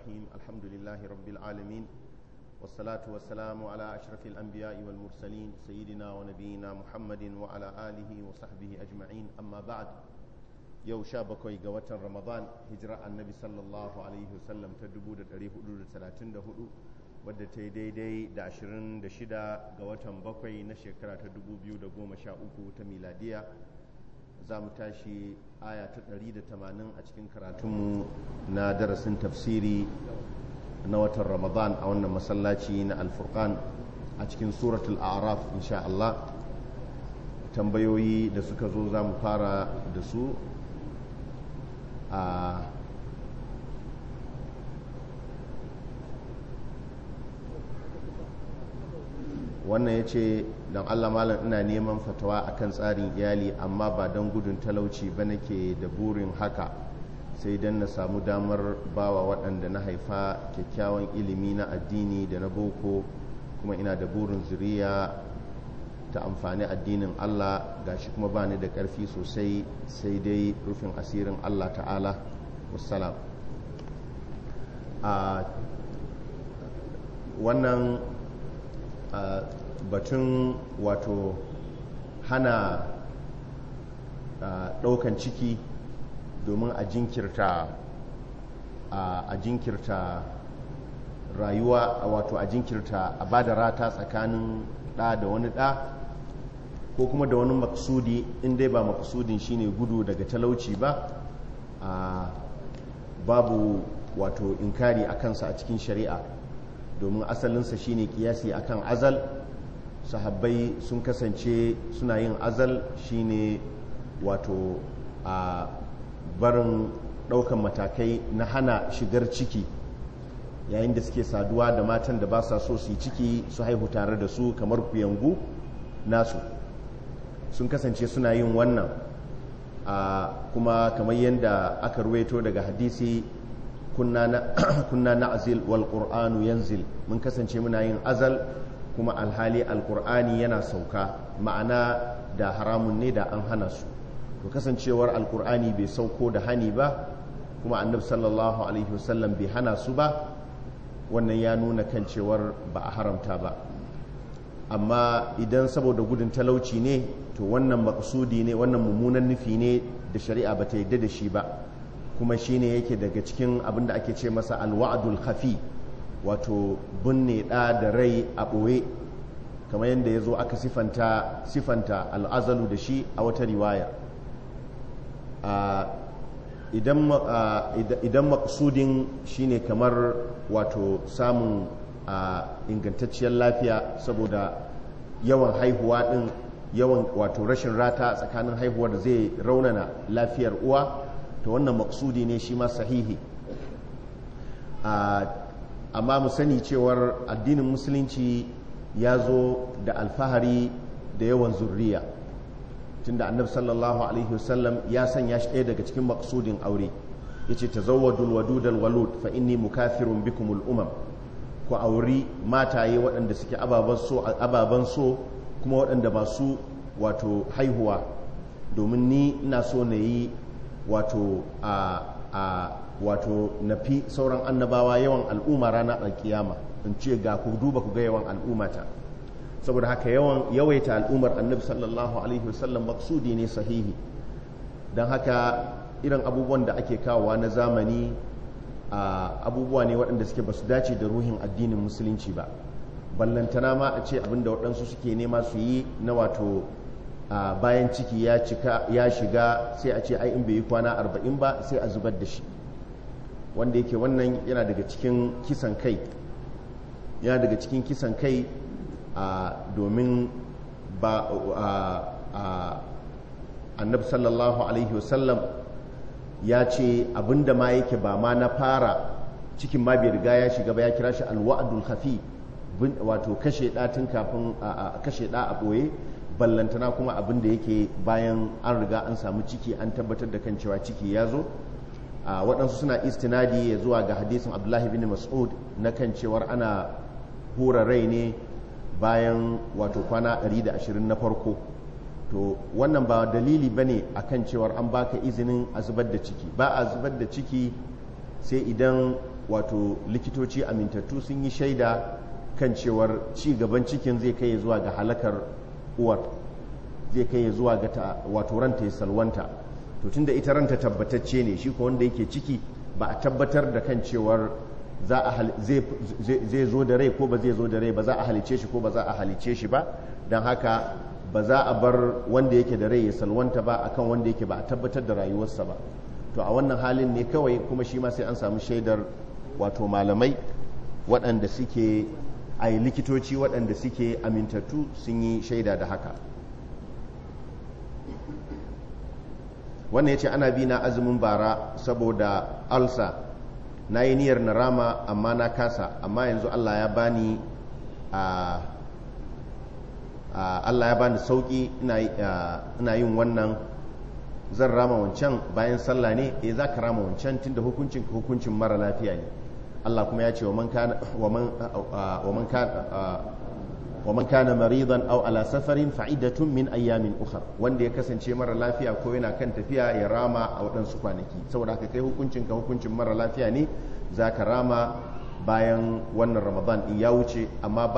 الرحيم الحمد لله رب العالمين والصلاة والسلام على أشرف الأنبياء والمرسلين سيدنا ونبينا محمد وعلى آله وصحبه أجمعين أما بعد يو شابكوي قوات رمضان هجرة النبي صلى الله عليه وسلم تدبو دريه أدود سلاتين دهدو wadda ta yi daidai da 26 ga watan bakwai na shekara ta 2013 ta miladiya za mu tashi aya ta tamanin a cikin karatunmu na darasin tafsiri na watan ramadan a wannan masallaci na alfurkan a cikin suratul araf insha Allah tambayoyi da suka zo za mu fara da su a ah, wannan ya ce don allah malam ina neman fatawa akan tsarin iyali amma ba don gudun talauci ba nake da burin haka sai don na samu damar bawa waɗanda na haifa kyakkyawan ilimi na addini da na boko kuma ina da burin zuriya ta amfani addinin allah gashi kuma ba ni da ƙarfi sosai sai dai rufin asirin allah ta'ala wassalam wannan batun wato hana ɗaukan ciki domin a jinkirta a jinkirta rayuwa wato a jinkirta a ba da rata tsakanin ɗa da wani ɗa ko kuma da wani makasudi in dai ba maksudin shine gudu daga talauci ba a babu wato inkari a kansa a cikin shari'a domin asalinsa shine kiyasi kan azal sahabbai sun kasance suna yin azal shine wato a barin ɗaukan matakai na hana shigar ciki yayin da suke saduwa da matan da ba sa so su yi ciki su haihu tare da su kamar kuyangu nasu sun kasance suna yin wannan a kuma kamar yadda aka ruweto daga hadisi kunna na azil wal yanzil mun kasance muna yin azal kuma alhali alkur'ani yana sauka ma'ana da haramun ne da an hana su to kasancewar alkur'ani bai sauko da hani ba kuma annab sallallahu alaihi wasallam bai hana su ba wannan ya nuna kan cewar ba a haramta ba amma idan saboda gudun talauci ne to wannan maksudi ne wannan mummunan nufi ne da shari'a ba ta yadda da shi ba kuma shine yake daga cikin abin da ake ce masa alwa'adul khafi wato binne ɗa da rai a ɓoye kamar yadda ya zo aka sifanta al'azalu da shi a wata riwaya idan shi ne kamar wato samun ingantacciyar lafiya saboda yawan haihuwa ɗin yawan wato rashin rata tsakanin haihuwar zai raunana lafiyar uwa ta wannan maksudi ne shi ma sahihi amma mu sani cewar addinin musulunci ya zo da alfahari da yawan zurriya tunda annabi sallallahu alaihi wasallam ya sanya shi ɗaya daga cikin maksudin aure yace tazawwadul wadudal walud fa inni mukafirun bikumul umam ku auri mataye waɗanda suke ababen so kuma waɗanda masu wato haihuwa domin ni ina so na yi wato a wato na fi sauran annabawa yawan al'umma ranar alkiyama in ce ga ku duba ku ga yawan al'ummata saboda haka yawan yawaita al'ummar annabi sallallahu alaihi wasallam maksudi ne sahihi don haka irin abubuwan da ake kawowa na zamani abubuwa ne waɗanda suke basu dace da ruhin addinin musulunci ba ballantana ma a ce abin da waɗansu suke nema su yi na wato bayan ciki ya shiga sai a ce ai in bai yi kwana arba'in ba sai a zubar da shi wanda yake wannan yana daga cikin kisan kai yana daga cikin kisan kai a domin ba a annabi sallallahu alaihi wasallam ya ce abinda ma yake ba ma na fara cikin ma bai riga ya shiga ba ya kira shi alwa'adul hafi wato kashe ɗa tun kafin kashe ɗa a ɓoye ballantana kuma abinda yake bayan an riga an samu ciki an tabbatar da kan cewa ciki ya zo waɗansu suna istinadi zuwa ga hadisin abdullahi bin mas'ud na kan cewar ana hura rai ne bayan wato kwana 120 na farko to wannan ba dalili ba ne a kan cewar an baka izinin a zubar da ciki ba a zubar da ciki sai idan wato likitoci amintattu sun yi shaida kan cewar ci gaban cikin zai kai zuwa ga halakar uwar zai kai zuwa ga wato ranta ya salwanta to tun da ita ranta tabbatacce ne shi ko wanda yake ciki ba a tabbatar da kan cewar zai zo da rai ko ba zai zo da rai ba za a halice shi ko ba za a halice shi ba don haka ba za a bar wanda yake da rai ya salwanta ba akan wanda yake ba a tabbatar da rayuwarsa ba to a wannan halin ne kawai kuma shi ma sai an samu shaidar wato malamai waɗanda suke a likitoci waɗanda suke amintattu sun yi shaida da haka wannan ya ce ana bi na azumin bara saboda alsa na yi niyyar na rama amma na kasa amma yanzu allah ya bani a allah ya bani sauki ina yin wannan zan rama wancan bayan sallah ne eh za ka rama wancan tunda hukuncin hukuncin mara lafiya ne allah kuma ya ce wa man wa man kana maridan aw ala safarin fa'idatun min ayyamin ukhra wanda ya kasance mara lafiya ko yana kan tafiya ya rama a waɗansu kwanaki saboda haka kai hukuncin ka hukuncin mara lafiya ne zaka rama bayan wannan ramadan in ya wuce amma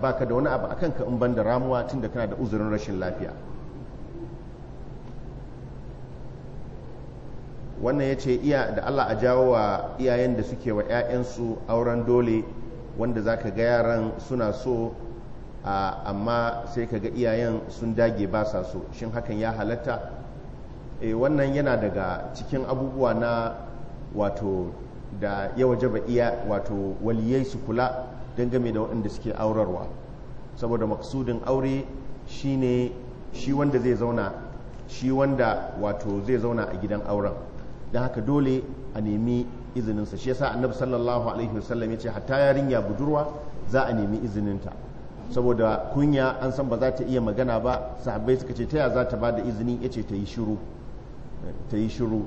baka da wani abu akan ka in banda da ramuwa tunda kana da uzurin rashin lafiya wannan ya ce iya da Allah a jawo wa iyayen da suke wa 'ya'yansu auren dole wanda za ka ga yaran suna so amma sai ka ga iyayen sun dage ba sa so shin hakan ya halatta e wannan yana daga cikin abubuwa na wato da ya wajaba iya wato waliyai su kula game da waɗanda suke aurarwa saboda maksudin aure shine shi wanda zai zauna shi wanda wato zai zauna a gidan auren don haka dole a nemi izininsa shi yasa annabi sallallahu alaihi wasallam ya ce hatta yarinya budurwa za a nemi izininta saboda kunya an san ba za ta iya magana ba sahabbai suka ce ta ya za ta ba da izini ya ce ta yi shiru ta yi shuru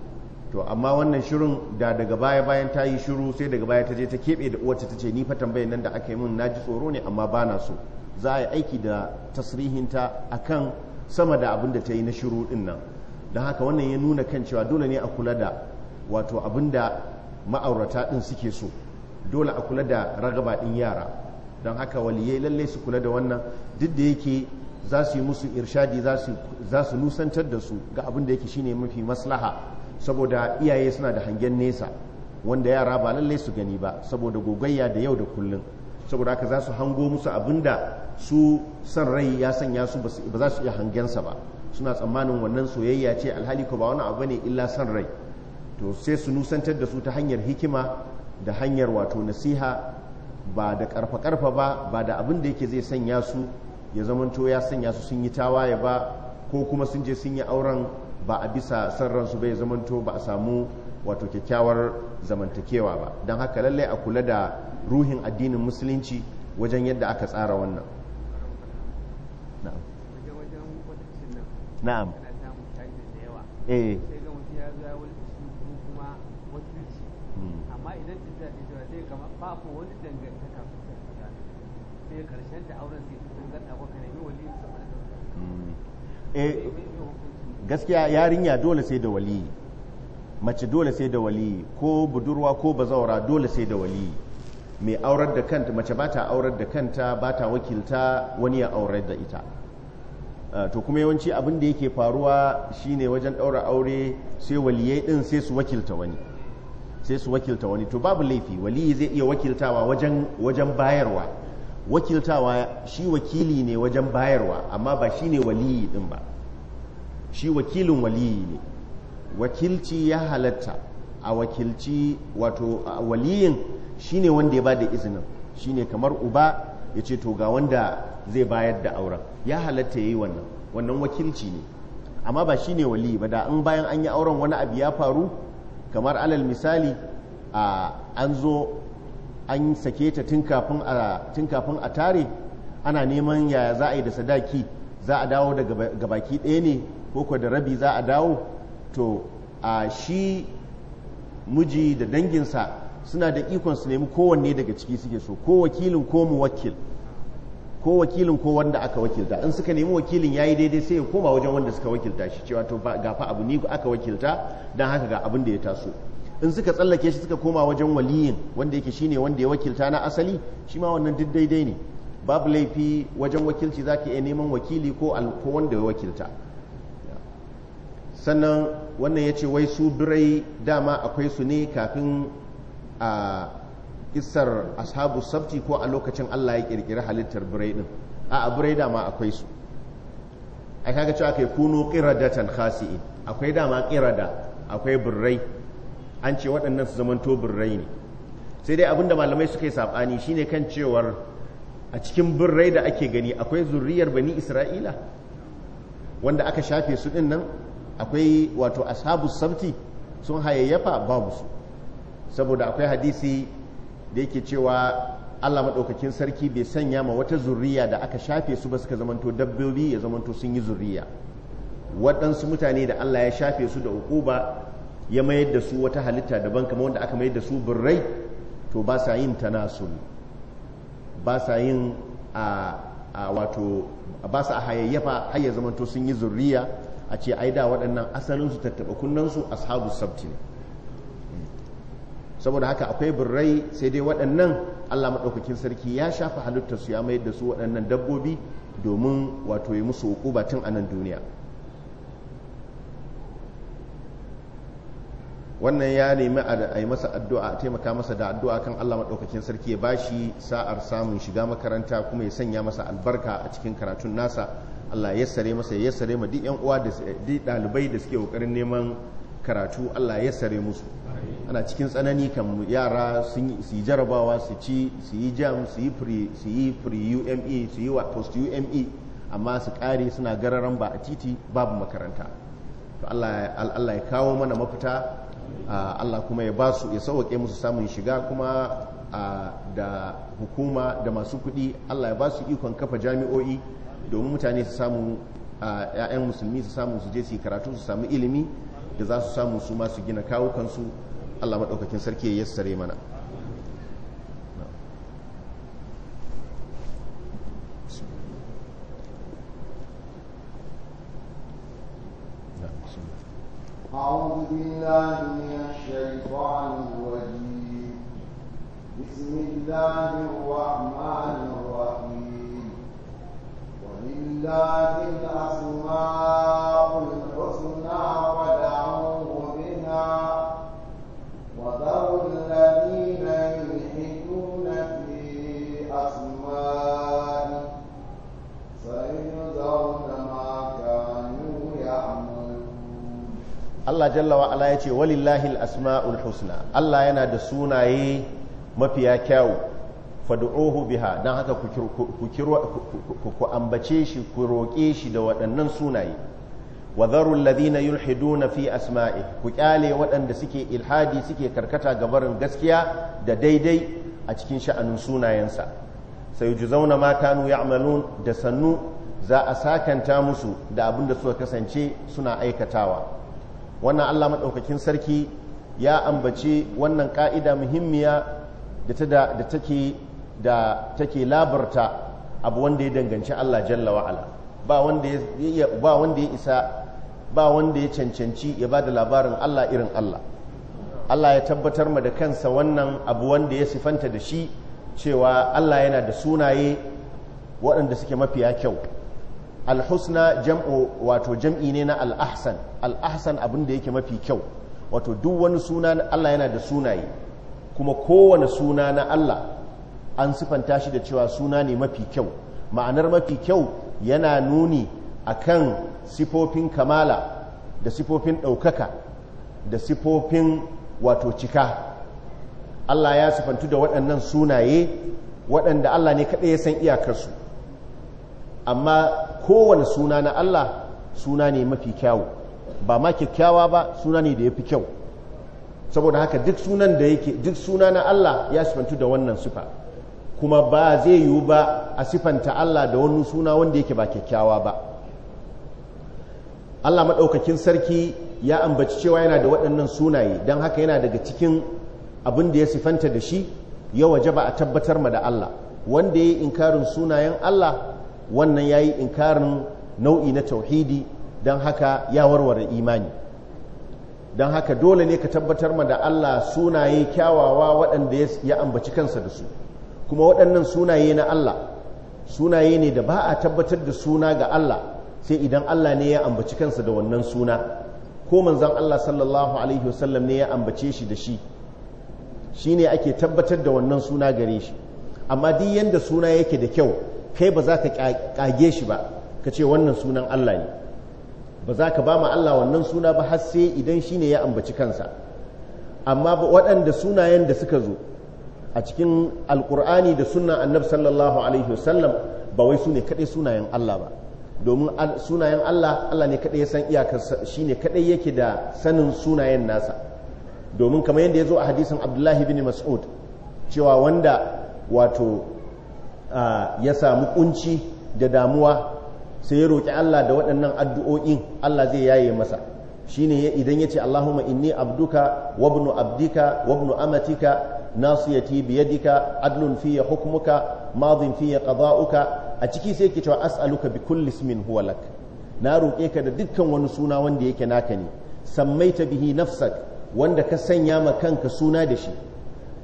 to amma wannan shirin da daga baya bayan ta yi shiru sai daga baya ta je ta keɓe da uwarta ta ce ni fa tambayan nan da aka yi min na ji tsoro ne amma ba na so za a yi aiki da tasrihinta kan sama da abin da ta yi na shiru din nan don haka wannan ya nuna kan cewa dole ne a kula da wato abin da ma'aurata din suke so dole a kula da ragaba din yara don haka waliyai lalle su kula da wannan duk da yake za su yi musu irshadi za su nusantar da su ga abin da yake shine mafi maslaha saboda iyaye suna da hangen nesa wanda yara ba lalle su gani ba saboda gogayya da yau da kullum saboda haka za su hango musu abin da su san rai ya sanya su ba za su iya hangensa ba suna tsammanin wannan soyayya ce alhali ko ba wani abu ne illa san rai to sai su nusantar da su ta hanyar hikima da hanyar wato nasiha ba da karfa-karfa ba ba da abin da yake zai sanya su ya zamanto ya sanya su sun yi tawaye ba ko kuma sun je sun yi auren ba a bisa san ransu ba ya zamanto ba a samu wato kyakkyawar zamantakewa ba don haka lallai a kula da ruhin addinin musulunci wajen yadda aka tsara wannan na'am eh amma idan ta zaɓe cewa sai kama babu wani dangantaka su ta sai karshen da auren sai su danganta ko kare ne wali su da mm. eh gaskiya yarinya dole sai da wali mace dole sai da wali ko budurwa ko bazawara dole sai da wali mai aurar da kanta mace ba ta aurar da kanta ba ta wakilta wani ya aurar da ita eh, to kuma yawanci abin da yake faruwa shine wajen daura aure sai waliyai din sai su wakilta wani sai su wakilta wani to babu laifi wali zai iya wakiltawa wajen wajen bayarwa wakiltawa shi wakili ne wajen bayarwa amma ba shi ne waliyi din ba shi wakilin waliyi ne wakilci ya halatta a wakilci wato waliyin shi ne wanda ya ba da izinin shi ne kamar uba ya ce to ga wanda zai bayar da auren ya halatta ya yi wannan wannan wakilci ne amma ba shi ne waliyi ba da in bayan an yi auren wani abu ya faru kamar alal misali an zo an sake ta tun kafin a tare ana neman yaya za a yi da sadaki za a dawo da gabaki ɗaya ne ko da rabi za a dawo to a shi miji da danginsa suna da ikon su nemi kowanne daga ciki suke so ko wakilin ko mu wakil ko wakilin ko wanda aka wakilta in suka nemi wakilin yi daidai sai ya koma wajen wanda suka wakilta shi cewa to ga fa abu ni aka wakilta dan haka ga abin da ya taso in suka tsallake shi suka koma wajen waliyin wanda yake shine wanda ya wakilta na asali shi ma wannan duk daidai ne babu laifi wajen wakilci zaka iya neman wakili ko ko wanda ya wakilta sannan wannan ya ce wai su birai dama akwai su ne kafin a kissar ashabu sabti ko a lokacin Allah ya kirkiri halittar birai din a birai dama akwai su ai kaga cewa kai kunu qiradatan khasi'in akwai dama qirada akwai birrai an ce waɗannan su zamanto birrai ne sai dai abinda malamai suka yi sabani shine kan cewar a cikin birrai da ake gani akwai zuriyar bani isra'ila wanda aka shafe su din nan akwai wato ashabu sabti sun hayayyafa babu su saboda akwai hadisi da yake cewa Allah maɗaukakin sarki bai sanya ma wata zurriya da aka shafe su ba suka zamanto dabbobi ya zamanto sun yi zurriya waɗansu mutane da Allah ya shafe su da ukuba ya mayar da su wata halitta daban kamar wanda aka mayar da su birrai to ba sa yin tanasul ba sa yin a wato ba sa hayayyafa har ya zamanto sun yi zurriya a ce ai da waɗannan asalinsu tattaɓa kunnansu ashabu sabti ne saboda haka akwai birrai sai dai waɗannan Allah maɗaukakin sarki ya shafa halittarsu ya mayar da su waɗannan dabbobi domin wato ya musu hukuba tun a nan duniya wannan ya nemi a yi masa addu'a a taimaka masa da addu'a kan Allah maɗaukakin sarki ya ba shi sa'ar samun shiga makaranta kuma ya sanya masa albarka a cikin karatun nasa Allah ya sare masa ya sare ma duk 'yan uwa da ɗalibai da suke ƙoƙarin neman karatu Allah ya sare musu ana cikin tsanani kan yara su yi jarabawa su ci su yi jam su yi pre-ume su yi e, post-ume amma su kare suna gararan ba a titi babu makaranta to allah ya kawo mana mafita allah kuma ya ba su ya sauwaƙe musu samun shiga kuma da hukuma da masu kuɗi allah ya ba su ikon kafa jami'o'i domin mutane su samu 'ya'yan musulmi su samu su je su yi karatu su samu ilimi da za su samu su masu gina kawukansu Allah maɗaukakin sarki ya yassare mana أعوذ بالله من الشيطان الرجيم بسم الله الرحمن الرحيم ولله الأسماء Allah jalla wa ala ce walillahi asmaul husna Allah yana da sunaye mafiya kyau fad'uhu biha dan haka ku ambace shi ku roƙe shi da waɗannan sunaye wa dharu alladhina yulhiduna fi asma'i ku kyale waɗanda suke ilhadi suke karkata ga barin gaskiya da daidai a cikin sha'anin sunayensa sai zauna ma kanu ya'malun da sannu za a sakanta musu da abin da suka kasance suna aikatawa wannan Allah maɗaukakin sarki ya ambaci wannan ƙa'ida muhimmiya da take da take labarta abu wanda ya danganci Allah jalla wa'ala ba wanda ya isa ba wanda ya cancanci ya ba da labarin Allah irin Allah Allah ya tabbatar ma da kansa wannan abu wanda ya sifanta da shi cewa Allah yana da sunaye waɗanda suke mafiya kyau alhusna jam'u wato jam'i ne na al'ahsan al'ahsan abin da yake mafi kyau wato duk wani suna na Allah yana da sunaye kuma kowane suna na Allah an sifanta shi da cewa suna ne mafi kyau ma'anar mafi kyau yana nuni a kan sifofin kamala da sifofin ɗaukaka da sifofin wato cika Allah ya sifantu da waɗannan sunaye waɗanda Allah ne kaɗai ya san iyakarsu amma kowane suna na Allah suna ne mafi kyawu ba ma kyakkyawa ba suna ne da ya fi kyau saboda haka duk sunan da yake duk suna na Allah ya sifantu da wannan sufa kuma ba zai yiwu ba a sifanta Allah da wani suna wanda yake ba kyakkyawa ba Allah maɗaukakin sarki ya ambaci cewa yana da waɗannan sunaye don haka yana daga cikin abin da ya sifanta da shi ya waje ba a tabbatar ma da Allah wanda ya yi inkarin sunayen Allah wannan ya yi inkarin nau'i na tauhidi don haka ya warware imani don haka dole ne ka tabbatar ma da Allah sunaye kyawawa waɗanda ya ambaci kansa da su kuma waɗannan sunaye na Allah sunaye ne da ba a tabbatar da suna ga Allah sai idan Allah ne ya ambaci kansa da wannan suna ko manzan Allah sallallahu alaihi wasallam ne ya ambace shi da shi shi ne ake tabbatar da wannan suna gare shi amma duk yadda suna yake da kyau kai ba za ka kage shi ba ka ce wannan sunan Allah ne ba za ka ba ma Allah wannan suna ba har sai idan shi ne ya ambaci kansa amma waɗanda sunayen da suka zo a cikin alkur'ani da sunan annab sallallahu alaihi wasallam ba wai su ne kaɗai sunayen Allah ba domin sunayen Allah Allah ne kaɗai ya san iyakar shi ne kaɗai yake da sanin sunayen nasa domin kamar yadda ya zo a hadisin abdullahi bin mas'ud cewa wanda wato ya samu kunci da damuwa sai ya roƙi Allah da waɗannan addu'o'in Allah zai yaye masa shi shine idan ya ce Allahumma inni abduka wabnu abdika wabnu amatika nasiyati biyadika adlun fiye hukumuka madin fiye qada'uka a ciki sai ki cewa as'aluka bi kulli ismin huwa lak na roƙe ka da dukkan wani suna wanda yake naka ne sammaita bihi nafsak wanda ka sanya ma kanka suna da shi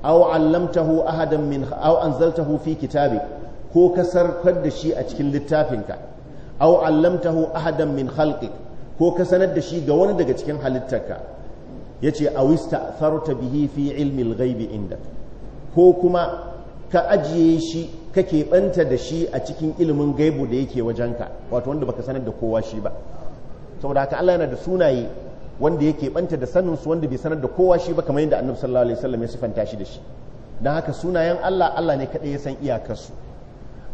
aw allamtahu ahadan min aw anzaltahu fi kitabik ko kasar sarkar da shi a cikin littafinka aw allamtahu ahadan min khalqik ko ka sanar da shi ga wani daga cikin halittarka yace aw ista'tharta bihi fi ilmi al-ghaib indak ko kuma ka ajiye shi kake keɓanta da shi a cikin ilimin gaibu da yake wajenka wato wanda baka sanar da kowa shi ba saboda haka Allah yana da sunaye wanda yake banta da sanin wanda bai sanar da kowa shi ba kamar yadda annabi sallallahu alaihi wasallam ya sifanta shi da shi dan haka sunayen Allah Allah ne kadai ya san iyakar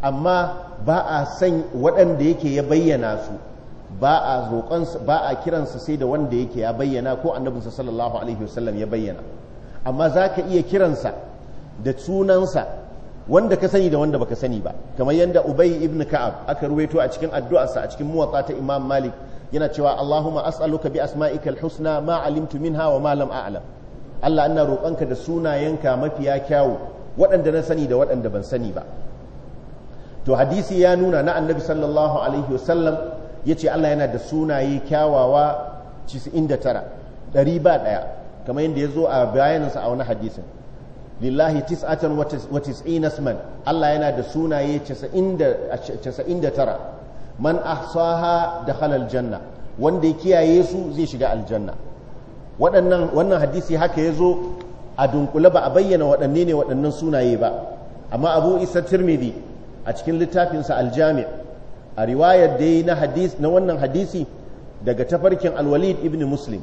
amma ba a san waɗanda yake ya bayyana su ba a roƙon ba a kiran sai da wanda yake ya bayyana ko annabinsa sallallahu alaihi wasallam ya bayyana amma zaka iya kiransa da sunansa wanda ka sani da wanda baka sani ba kamar yadda Ubay ibn Ka'ab aka ruwaito a cikin addu'arsa a cikin muwatta ta Imam Malik yana cewa Allahumma as'aluka bi asma'ika al-husna ma alimtu minha wa ma lam a'lam Allah ina roƙonka da sunayenka mafiya kyawu waɗanda na sani da waɗanda ban sani ba to hadisi ya nuna na annabi sallallahu alaihi wasallam yace Allah yana da sunaye kyawawa 99 ɗari ba ɗaya kamar yadda ya zo a bayaninsa a wani hadisin lillahi tis'atan wa tis'ina isman Allah yana da sunaye 99 man ahsaha dakhala aljanna wanda ya kiyaye su zai shiga aljanna waɗannan wannan hadisi haka ya zo a dunkule ba a bayyana waɗanne ne waɗannan sunaye ba amma abu isa tirmidhi a cikin littafinsa aljami a riwayar da na hadis na wannan hadisi daga tafarkin alwalid ibn muslim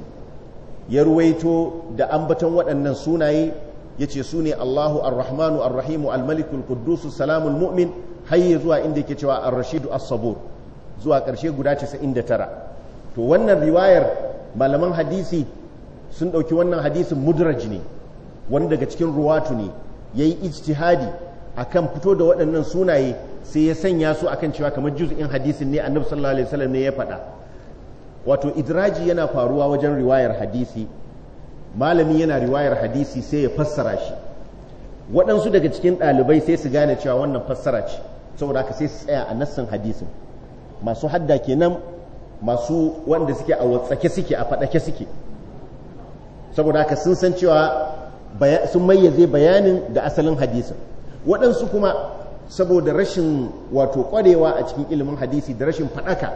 ya ruwaito da ambaton waɗannan sunaye ya ce su ne allahu arrahmanu arrahimu almalikul quddus salamul mu'min har zuwa inda yake cewa arrashidu as-sabur zuwa ƙarshe guda 99 to wannan riwayar malaman hadisi sun ɗauki wannan hadisin mudraj ne wani daga cikin ruwatu ne ya yi ijtihadi a kan fito da waɗannan sunaye sai ya sanya su akan cewa kamar juz'in hadisin ne annabi sallallahu alaihi wasallam ne ya faɗa wato idraji yana faruwa wajen riwayar hadisi malami yana riwayar hadisi sai ya fassara shi waɗansu daga cikin ɗalibai sai su gane cewa wannan fassara ce saboda haka sai su tsaya a nassan hadisin masu hadda kenan masu wanda suke a watsake suke a faɗake suke saboda haka sun san cewa sun mayyaze bayanin da asalin hadisi waɗansu kuma saboda rashin wato ƙwarewa a cikin ilimin hadisi da rashin faɗaka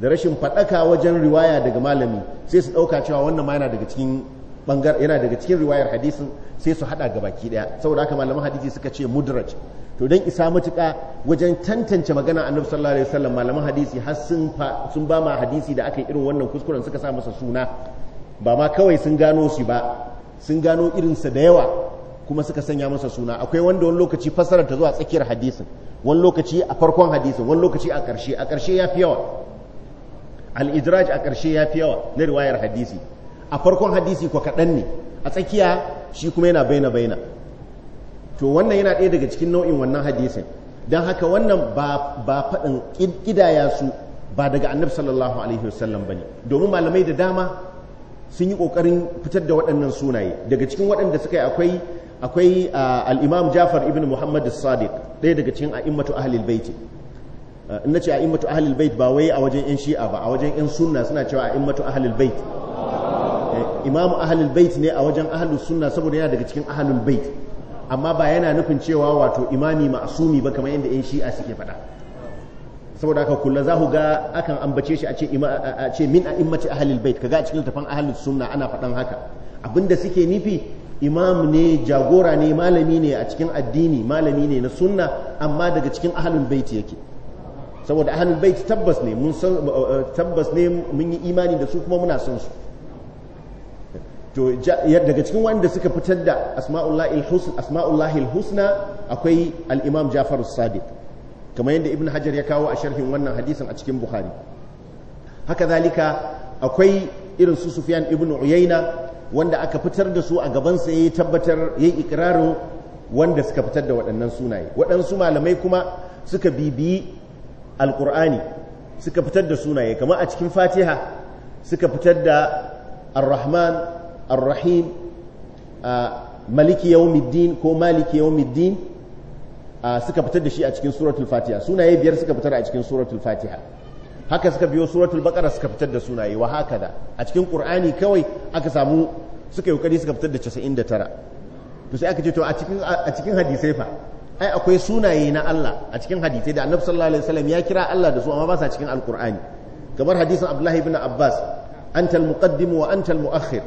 da rashin faɗaka wajen riwaya daga malami sai su ɗauka cewa wannan ma yana daga cikin riwayar hadisin sai su haɗa ga baki ɗaya saboda haka malaman hadisi suka ce mudraj to don isa matuka wajen tantance magana annabi sallallahu alaihi wasallam malaman hadisi har sun sun ba ma hadisi da aka yi irin wannan kuskuren suka sa masa suna ba ma kawai sun gano shi ba sun gano irinsa da yawa kuma suka sanya masa suna akwai wanda wani lokaci fassarar ta zuwa tsakiyar hadisin wani lokaci a farkon hadisin wani lokaci a ƙarshe a ƙarshe ya fi yawa al-idraj a ƙarshe ya fi yawa na riwayar hadisi a farkon hadisi kwa kaɗan ne a tsakiya shi kuma yana baina baina to wannan yana ɗaya daga cikin nau'in wannan hadisin don haka wannan ba faɗin ƙidaya su ba daga annabi sallallahu alaihi wasallam ba ne domin malamai da dama sun yi ƙoƙarin fitar da waɗannan sunaye daga cikin waɗanda suka yi akwai akwai al'imam jafar ibn muhammad sadiq ɗaya daga cikin a'immatu ahlil baiti in ce a'immatu ahlil bait ba wai a wajen yan shi'a ba a wajen yan sunna suna cewa a'immatu ahlil bait eh, imam ahlil bait ne a wajen ahlus sunna saboda yana daga cikin ahlul bait amma ba yana nufin cewa wato imami ma'asumi ba kamar yadda yan shi'a suke faɗa saboda haka kullum za ku ga akan ambace shi a ce min a immaci ahalil bait ka ga cikin tafan ahalil sunna ana faɗan haka abinda suke nufi imam ne jagora ne malami ne a cikin addini malami ne na sunna amma daga cikin ahalil bait yake saboda ahalil bait tabbas ne mun eh, tabbas ne mun yi imani da su kuma muna son su to daga cikin wanda suka fitar da asma'ullahi husna akwai al-imam Ja'far sadiq kamar yadda ibn hajar ya kawo a sharhin wannan hadisin a cikin buhari haka zalika akwai irin su sufyan ibn uyayna wanda aka fitar da su a gabansa ya tabbatar ya yi ikirarin wanda suka fitar da waɗannan sunaye waɗansu malamai kuma suka bibiyi alkur'ani suka fitar da sunaye kamar a cikin fatiha suka fitar da ar ar-rahim maliki yawmiddin ko maliki yawmiddin suka fitar da shi a cikin suratul fatiha sunaye biyar suka fitar a cikin suratul fatiha haka suka biyo suratul baqara suka fitar da sunaye wa haka da a cikin qur'ani kawai aka samu suka yi kokari suka fitar da 99 to sai aka ce to a cikin a cikin hadisai fa ai akwai sunaye na Allah a cikin hadisai da Annabi sallallahu alaihi wasallam ya kira Allah da su amma ba sa cikin alqur'ani kamar hadisin Abdullahi ibn Abbas antal muqaddim wa antal muakhir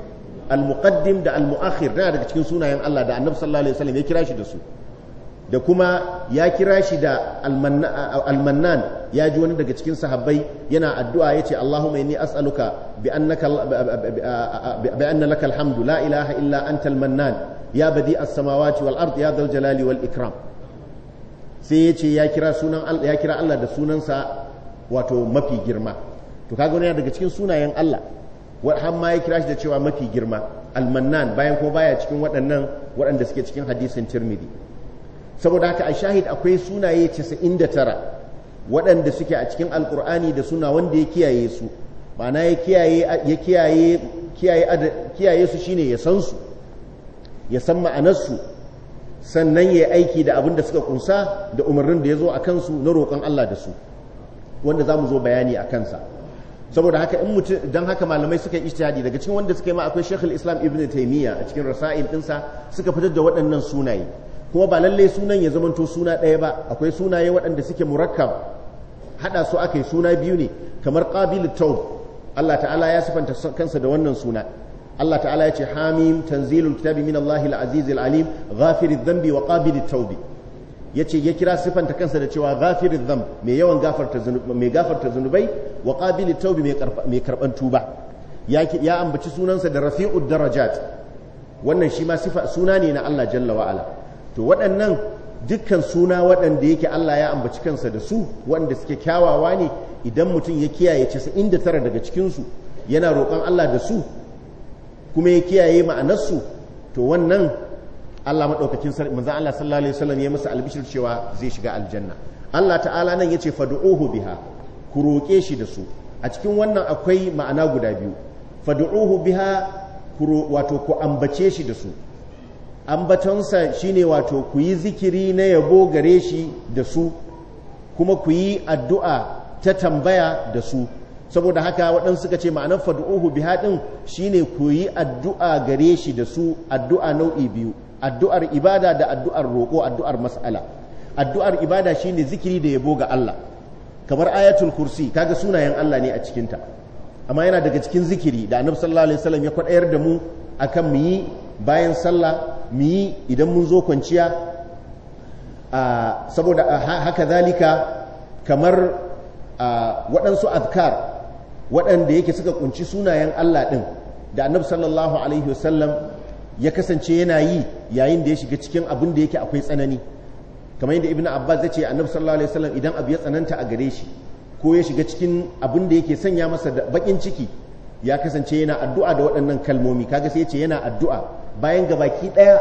al da al-mu'akhir daga cikin sunayen Allah da annabi sallallahu alaihi wasallam ya kira shi da su da kuma ya kira shi da almannan ya ji wani daga cikin sahabbai yana addu'a ya Allahumma inni as'aluka bi annaka bi anna lakal alhamdu la ilaha illa anta al ya badi as-samawati wal ard ya dhal jalali wal ikram sai yace ya kira sunan ya kira Allah da sunansa wato mafi girma to kaga wani daga cikin sunayen Allah har ma ya kira shi da cewa mafi girma almannan bayan ko baya cikin waɗannan waɗanda suke cikin hadisin tirmidhi saboda haka a shahid akwai sunaye 99 waɗanda suke a cikin alkur'ani da suna wanda ya kiyaye su ma'ana ya kiyaye kiyaye su shine ya san su ya san ma'anarsu sannan ya aiki da abin da suka kunsa da umarnin da ya zo a kansu na roƙon Allah da su wanda za mu zo bayani a kansa saboda haka in mutum dan haka malamai suka yi ijtihadi daga cikin wanda suka yi ma akwai Sheikh islam Ibn Taymiyyah a cikin rasail dinsa suka fitar da waɗannan sunaye kuma ba lallai sunan ya zamanto suna ɗaya ba akwai sunaye waɗanda suke murakkab hada su aka yi suna biyu ne kamar qabil tawb Allah ta'ala ya sifanta kansa da wannan suna Allah ta'ala ya ce hamim tanzilul kitabi min Allahil azizil alim ghafiriz dhanbi wa qabilit tawbi ya ce ya kira sifanta kansa da cewa gafirin zam mai yawan gafarta zunubai wa qabilit taubi mai karban tuba ya ambaci sunansa da rafi'u darajat wannan shi ma suna ne na Allah jalla wa'ala to waɗannan dukkan suna waɗanda yake Allah ya ambaci kansa da su waɗanda suke kyawawa ne idan mutum ya kiyaye tara daga cikinsu yana roƙon Allah da su kuma ya kiyaye ma'anarsu to wannan Allah madaukakin sarki manzon Allah sallallahu alaihi wasallam ya masa albishir cewa zai shiga aljanna Allah ta'ala nan ya ce, fad'uhu biha ku roƙe shi da su a cikin wannan akwai ma'ana guda biyu fad'uhu biha ku wato ku ambace shi da su ambatonsa shine wato ku yi zikiri na yabo gare shi da su kuma ku yi addu'a ta tambaya da su saboda haka waɗansu suka ce ma'anar fadu'uhu biha ɗin shine ku yi addu'a gare shi da su addu'a nau'i biyu addu'ar ibada da addu'ar roƙo addu'ar mas'ala addu'ar ibada shine zikiri da yabo ga Allah kamar ayatul kursi kaga sunayen Allah ne a cikinta amma yana daga cikin zikiri da annabi sallallahu alaihi wasallam ya kwadayar da mu akan mu yi bayan sallah mu yi idan mun zo kwanciya saboda haka zalika kamar waɗansu azkar waɗanda yake suka kunci sunayen Allah ɗin da annabi sallallahu alaihi wasallam ya kasance yana yi yayin da ya shiga cikin abin da yake akwai tsanani kamar yadda ibnu abbas ya ce annabi sallallahu alaihi wasallam idan abu ya tsananta a gare shi ko ya shiga cikin abin da yake sanya masa da bakin ciki ya kasance yana addu'a da waɗannan kalmomi kaga sai ya ce yana addu'a bayan gabaki ɗaya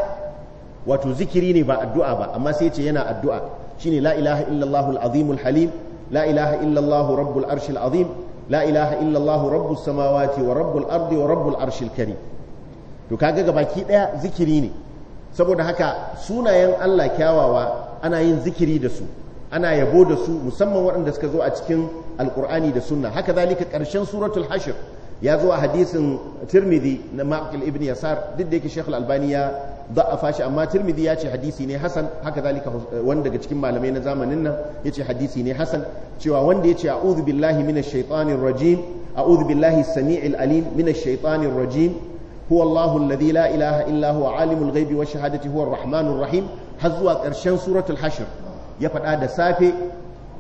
wato zikiri ne ba addu'a ba amma sai ya ce yana addu'a shine la ilaha illallah al-azim halim la ilaha illallah rabbul arshil azim la ilaha illallah rabbus samawati wa rabbul ardi wa rabbul arshil karim to kaga gabaki daya zikiri ne saboda haka sunayen Allah kyawawa ana yin zikiri da su ana yabo da su musamman waɗanda suka zo a cikin alkur'ani da sunna haka zalika karshen suratul hashir ya zo a hadisin tirmidhi na maqil ibn yasar duk da yake shekul albani ya da'afa shi amma tirmidhi ya ce hadisi ne hasan haka zalika wanda daga cikin malamai na zamanin nan ya ce hadisi ne hasan cewa wanda ya ce a'udhu billahi minash shaitanir rajim a'udhu billahi samii'il alim minash shaitanir rajim huwa Allahu alladhi la ilaha illa huwa alimul ghaibi wash shahadati huwa rahim har zuwa ƙarshen suratul hashr ya faɗa da safe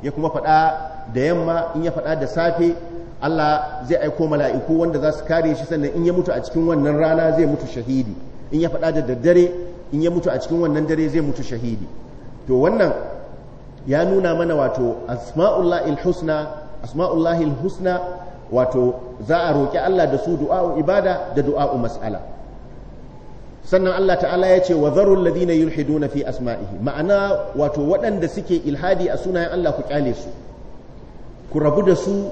ya kuma faɗa da yamma in ya faɗa da safe Allah zai aiko mala'iku wanda za kare shi sannan in ya mutu rana zai mutu shahidi da daddare in mutu a cikin wannan dare zai mutu shahidi to wannan ya nuna mana wato husna wato za a roƙi Allah da su du'a'u ibada da du'a'u mas'ala sannan Allah ta'ala ya ce wa zarul ladina yulhiduna fi asma'ihi ma'ana wato waɗanda suke ilhadi a sunayen Allah ku kyale su ku rabu da su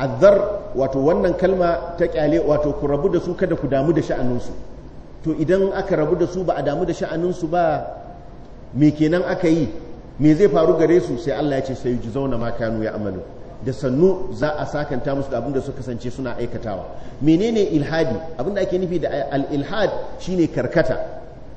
azzar wato wannan kalma ta kyale wato ku rabu da su kada ku damu da sha'aninsu to idan aka rabu da su ba a damu da sha'aninsu ba me kenan aka yi me zai faru gare su sai Allah ya ce sai zauna ma kanu ya amalu da sannu za a sakanta musu da abin da suka kasance suna aikatawa menene ilhadi abin da ake nufi da al-ilhad shine karkata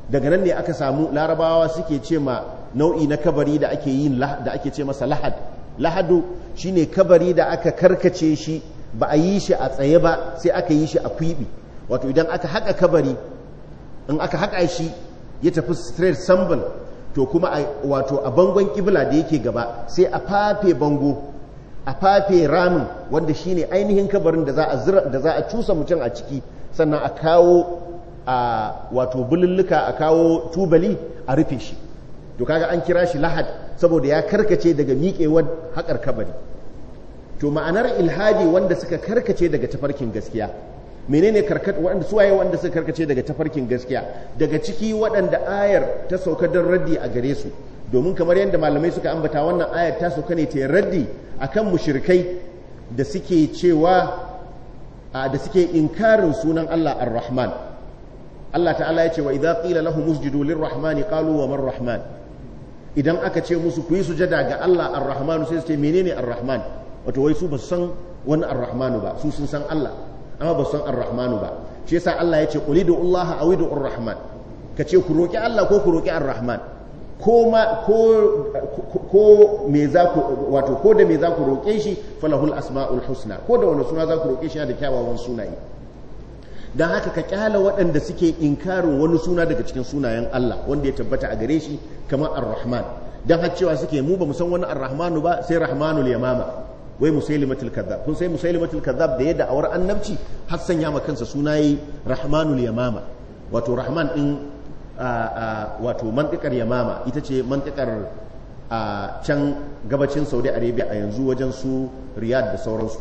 daga nan ne aka samu larabawa suke ce ma nau'i na kabari da ake yin da ake ce masa lahad lahadu shine kabari da aka karkace shi ba a yi shi a tsaye ba sai aka yi shi a kwibi wato idan aka haka kabari in aka haka shi ya tafi straight sambal to kuma wato a bangon kibla da yake gaba sai a fafe bango a fafe ramin wanda shine ainihin kabarin da za a cusa mutum a ciki sannan a kawo a wato bululluka a kawo tubali a rufe shi to kaga an kira shi lahad saboda ya karkace daga miƙewar haƙar kabari to ma'anar ilhadi wanda suka karkace daga tafarkin gaskiya menene karkat wanda suwaye wanda suka karkace daga tafarkin gaskiya daga ciki waɗanda ayar ta sauka don raddi a gare su domin kamar yadda malamai suka ambata wannan ayar ta sauka ne ta yi raddi akan mushrikai da suke cewa da suke inkarin sunan Allah ar-Rahman Allah ta'ala ya ce wa idza qila lahum usjudu lir-rahmani qalu wa man-rahman idan aka ce musu ku yi sujada ga Allah ar-Rahman sai su ce menene ar-Rahman wato wai su ba su san wani ar-Rahmanu ba su sun san Allah amma ba su san ar-Rahmanu ba shi yasa Allah ya ce qul Allah aw idu ar-Rahman kace ku roki Allah ko ku roki ar-Rahman ko me za ku wato ko da me za ku roƙe shi falahul asma'ul husna ko da wani suna za ku roƙe shi da kyawawan sunaye don haka ka kyala waɗanda suke inkarin wani suna daga cikin sunayen Allah wanda ya tabbata a gare shi kamar ar-rahman don har cewa suke mu ba mu san wani ar-rahmanu ba sai rahmanul yamama wai musailimatul kazzab kun sai musailimatul kazzab da ya da'awar annabci har sanya ma kansa sunaye rahmanul yamama wato rahman din wato mantikar yamama ita ce mantikar a can gabacin saudi arabia a yanzu wajen su riyad da sauransu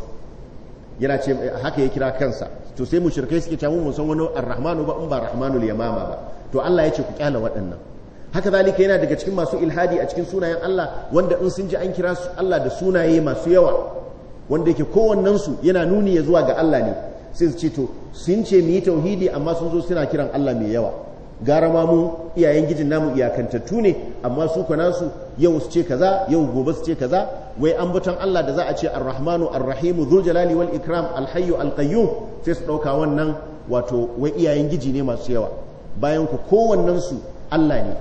yana ce haka ya kira kansa to sai mu shirkai suke cewa mun san wani arrahmanu ba in ba rahmanul yamama ba to Allah ya ce ku kyala waɗannan haka zalika yana daga cikin masu ilhadi a cikin sunayen Allah wanda in sun ji an kira su Allah da sunaye masu yawa wanda yake kowannen su yana nuni ya zuwa ga Allah ne sai su ce to sun ce mu yi tauhidi amma sun zo suna kiran Allah mai yawa gara ma mu iyayen gijin namu iyakantattu ne amma su kwana su yau su ce kaza yau gobe su ce kaza wai an batan Allah da za a ce ar-rahmanu ar-rahimu dhul jalali wal ikram al-hayyu al-qayyum sai su dauka wannan wato wai iyayen giji ne masu yawa bayan ku kowannen Allah ne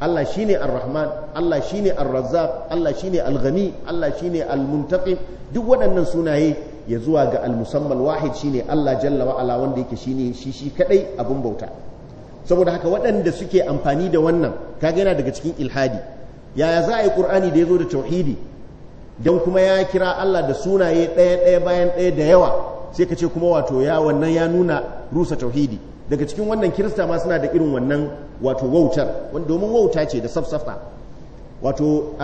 Allah shine ar-rahman Allah shine ar-razzaq Allah shine al-ghani Allah shine al-muntaqim duk waɗannan sunaye ya zuwa ga al-musammal wahid shine Allah jalla wa ala wanda yake shine shi shi kaɗai abun bauta saboda haka waɗanda suke amfani da wannan kaga yana daga cikin ilhadi yaya za a yi qur'ani da ya zo da tauhidi don kuma ya kira Allah da sunaye ɗaya ɗaya bayan ɗaya da yawa sai ka ce kuma wato ya wannan ya nuna rusa tauhidi daga cikin wannan kirista ma suna da irin wannan wato wautar domin wauta ce da safsafa wato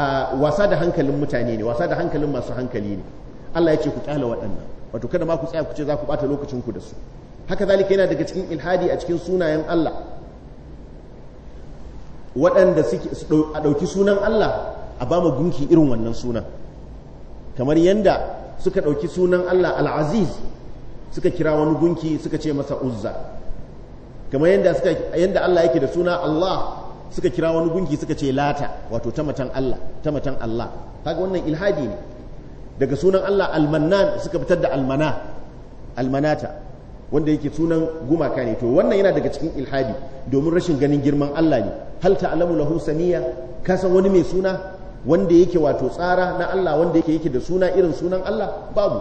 wasa da hankalin mutane ne wasa da hankalin masu hankali ne Allah ya ce ku kyala waɗannan wato kada ma ku tsaya ku ce za ku ɓata lokacinku da su haka zalika yana daga cikin ilhadi a cikin sunayen Allah waɗanda a ɗauki sunan Allah a ba gunki irin wannan sunan kamar yadda suka ɗauki sunan Allah al'aziz suka kira wani gunki suka ce masa uzza kamar yadda Allah yake da suna Allah suka kira wani gunki suka ce lata wato tamatan Allah tamatan Allah kaga wannan ilhadi ne daga sunan Allah almanan suka fitar da almanata wanda yake sunan gumaka ne to wannan yana daga cikin ilhadi domin rashin ganin girman Allah ne hal ta'lamu lahu saniya ka san wani mai suna wanda yake wato tsara na Allah wanda yake yake da suna irin sunan Allah babu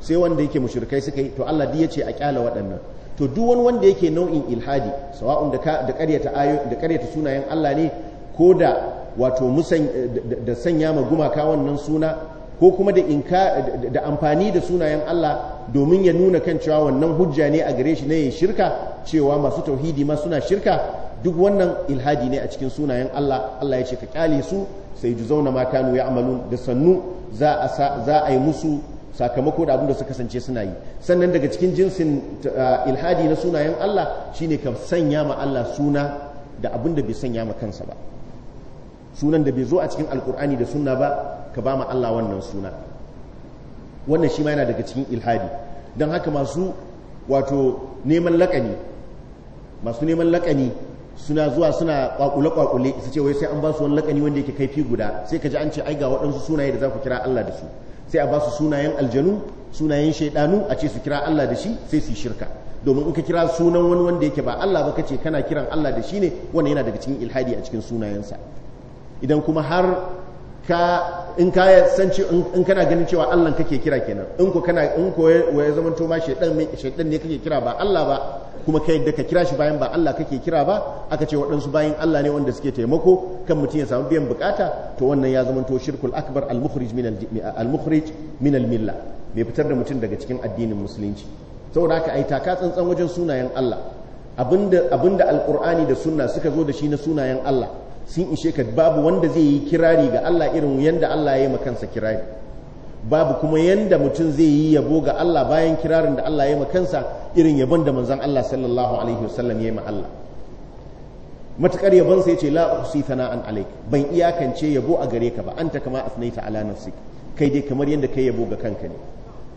sai wanda yake mushrikai suka yi to Allah dai yace a kyala waɗannan to duk wani wanda yake nau'in ilhadi sawa'un da da ƙaryata ayo da ƙaryata sunayen Allah ne ko da wato musan da sanya ma gumaka wannan suna ko kuma da amfani da sunayen Allah domin ya nuna kan cewa wannan hujja ne a gare shi ne ya shirka cewa masu tauhidi ma suna shirka duk wannan ilhadi ne a cikin sunayen Allah Allah ya ce ka kyale su sai ju zauna ma kanu ya amalun da sannu za a yi musu sakamako da abin da suka kasance suna yi sannan daga cikin jinsin uh, ilhadi na sunayen Allah shine ka sanya ma Allah suna da abin da bai sanya ma kansa ba sunan da bai zo a cikin alkur'ani da sunna ba ka ba ma Allah wannan suna wannan shi ma yana daga cikin ilhadi don haka masu wato neman lakani masu neman laƙani suna zuwa suna ƙwaƙule-ƙwaƙule su ce wai sai an ba su wani lakani wanda yake kaifi guda sai ka ji an ce ai ga waɗansu sunaye da za ku kira Allah da su sai a ba su sunayen aljanu sunayen shaidanu a ce su kira Allah da shi sai su yi shirka domin in ka kira sunan wani wanda yake ba Allah ba ka ce kana kiran Allah da shi ne wannan yana daga cikin ilhadi a cikin sunayensa idan kuma har ka in ka san in kana ganin cewa Allah kake kira kenan in ko kana in ko waye zaman to ma shedan shedan ne kake kira ba Allah ba kuma kai da ka kira shi bayan ba Allah kake kira ba aka ce waɗansu bayan Allah ne wanda suke taimako kan mutum ya samu biyan bukata to wannan ya zama to shirkul akbar al-mukhrij min al-mukhrij min al-milla fitar da mutum daga cikin addinin musulunci saboda haka ai taka tsantsan wajen sunayen Allah abinda abinda alqur'ani da sunna suka zo da shi na sunayen Allah sun ishe ka babu wanda zai yi kirari ga Allah irin yanda Allah ya yi makansa kirari babu kuma yanda mutum zai yi yabo ga Allah bayan kirarin da Allah ya yi makansa irin yabon da manzon Allah sallallahu alaihi wasallam ya yi ma Allah matukar yabon sai ce la uhsi thana'an alaik ban iyakance yabo a gare ka ba anta kama asnaita ala nafsik kai dai kamar yanda kai yabo ga kanka ne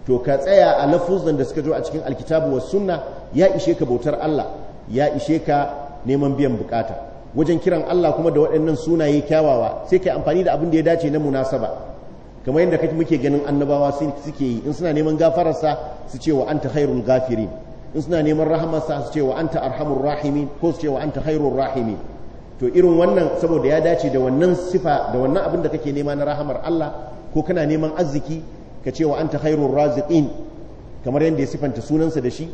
to ka tsaya a lafuzan da suka zo a cikin alkitabu was sunna ya ishe ka bautar Allah ya ishe ka neman biyan bukata wajen kiran Allah kuma da waɗannan sunaye kyawawa sai ka amfani da abin da ya dace na munasaba kamar yadda kake muke ganin annabawa suke yi in suna neman gafararsa su ce wa anta khairul gafirin in suna neman rahamarsa su ce wa anta arhamur rahimin ko su ce wa anta khairur rahimin to irin wannan saboda ya dace da wannan sifa da wannan abin da kake nema na rahamar Allah ko kana neman arziki ka ce wa anta khairur raziqin kamar yadda ya sifanta sunansa da shi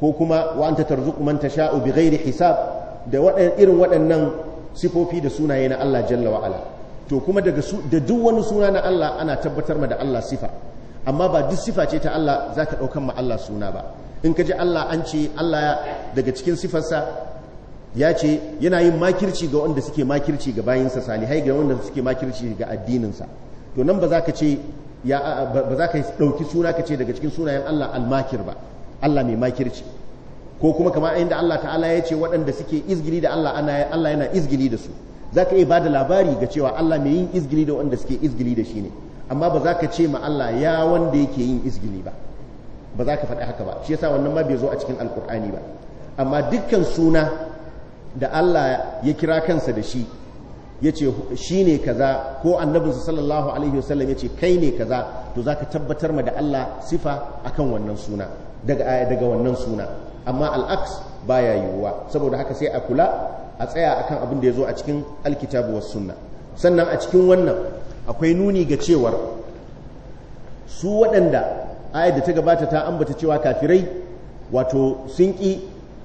ko kuma wa anta tarzuqu man tasha'u bighairi hisab da irin waɗannan sifofi da sunaye na Allah jalla wa'ala to kuma daga da duk wani suna na Allah ana tabbatar ma da Allah sifa amma ba duk sifa ce ta Allah za ka ɗaukan ma Allah suna ba in ka ji Allah an ce Allah daga cikin sifarsa ya ce yana yin makirci ga wanda suke makirci ga bayinsa salihai ga wanda suke makirci ga addininsa to nan ba za ka ce ba za ka ɗauki suna ka ce daga cikin sunayen Allah almakir ba Allah mai makirci ko kuma kamar inda Allah ta'ala ya ce waɗanda suke izgili da Allah Allah yana izgili da su za ka iya ba labari ga cewa Allah mai yin izgili da waɗanda suke izgili da shi ne amma ba za ka ce ma Allah ya wanda yake yin izgili ba ba za ka faɗi haka ba shi yasa wannan ma bai zo a cikin alkur'ani ba amma dukkan suna da Allah ya kira kansa da shi ya ce shi ne kaza ko annabinsa sallallahu alaihi wasallam ya ce kai ne kaza to za ka tabbatar ma da Allah sifa akan wannan suna daga wannan suna amma al'aks baya yiwuwa saboda haka sai a kula a tsaya akan abin da ya zo a cikin alkitabu wasu sunna sannan a cikin wannan akwai nuni ga cewar su waɗanda ayat da ta gabata ta ambata cewa kafirai wato sun ƙi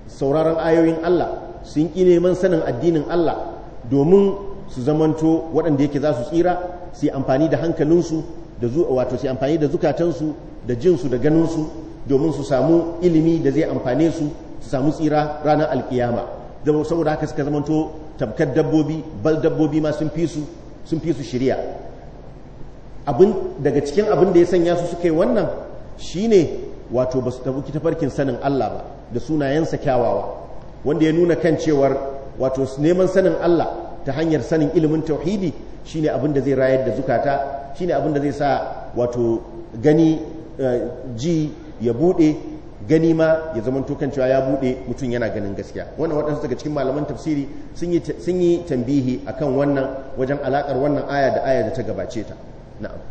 sauraron ayoyin Allah sun ƙi neman sanin addinin Allah domin su zamanto waɗanda yake za su tsira su amfani da hankalinsu da wato su amfani da zukatansu da jinsu da ganinsu domin su samu ilimi da zai amfane su su samu tsira ranar alkiyama saboda haka suka zamanto tabkar dabbobi bal dabbobi ma sun fi su sun shirya abin daga cikin abin da ya sanya su suka yi wannan shine wato ba su tafi tafarkin sanin Allah ba da sunayensa kyawawa wanda ya nuna kan cewar wato neman sanin Allah ta hanyar sanin ilimin tauhidi shine abin da zai rayar da zukata shine abin da zai sa wato gani eh, ji ya bude gani ma ya zama tukan cewa ya bude mutum yana ganin gaskiya wannan waɗansu daga cikin malaman tafsiri sun yi tambihi akan wannan wajen alakar wannan aya da aya da ta gabace ta na'am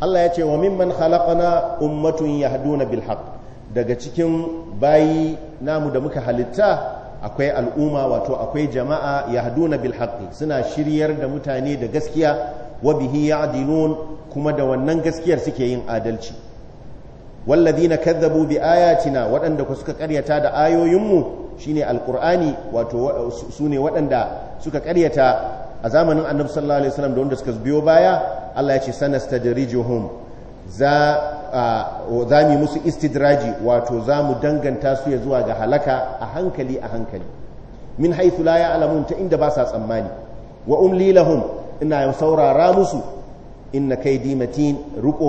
Allah ya ce wa mimman khalaqana ummatun yahduna bil haqq daga cikin bayi namu da muka halitta akwai al'umma wato akwai jama'a yahduna bil haqqi suna shiryar da mutane da gaskiya wa bihi ya'dilun kuma da wannan gaskiyar suke yin adalci walladhina kadzabu bi ayatina waɗanda ku suka karyata da ayoyinmu shine alqur'ani wato sune waɗanda suka karyata a zamanin annabi sallallahu alaihi wasallam da wanda suka biyo baya Allah ya ce sanastadrijuhum za za mu musu istidraji wato za mu danganta su ya zuwa ga halaka a hankali a hankali min haifu la ya'lamun ta inda ba sa tsammani wa umli lahum ina saurara musu inna kaidi matin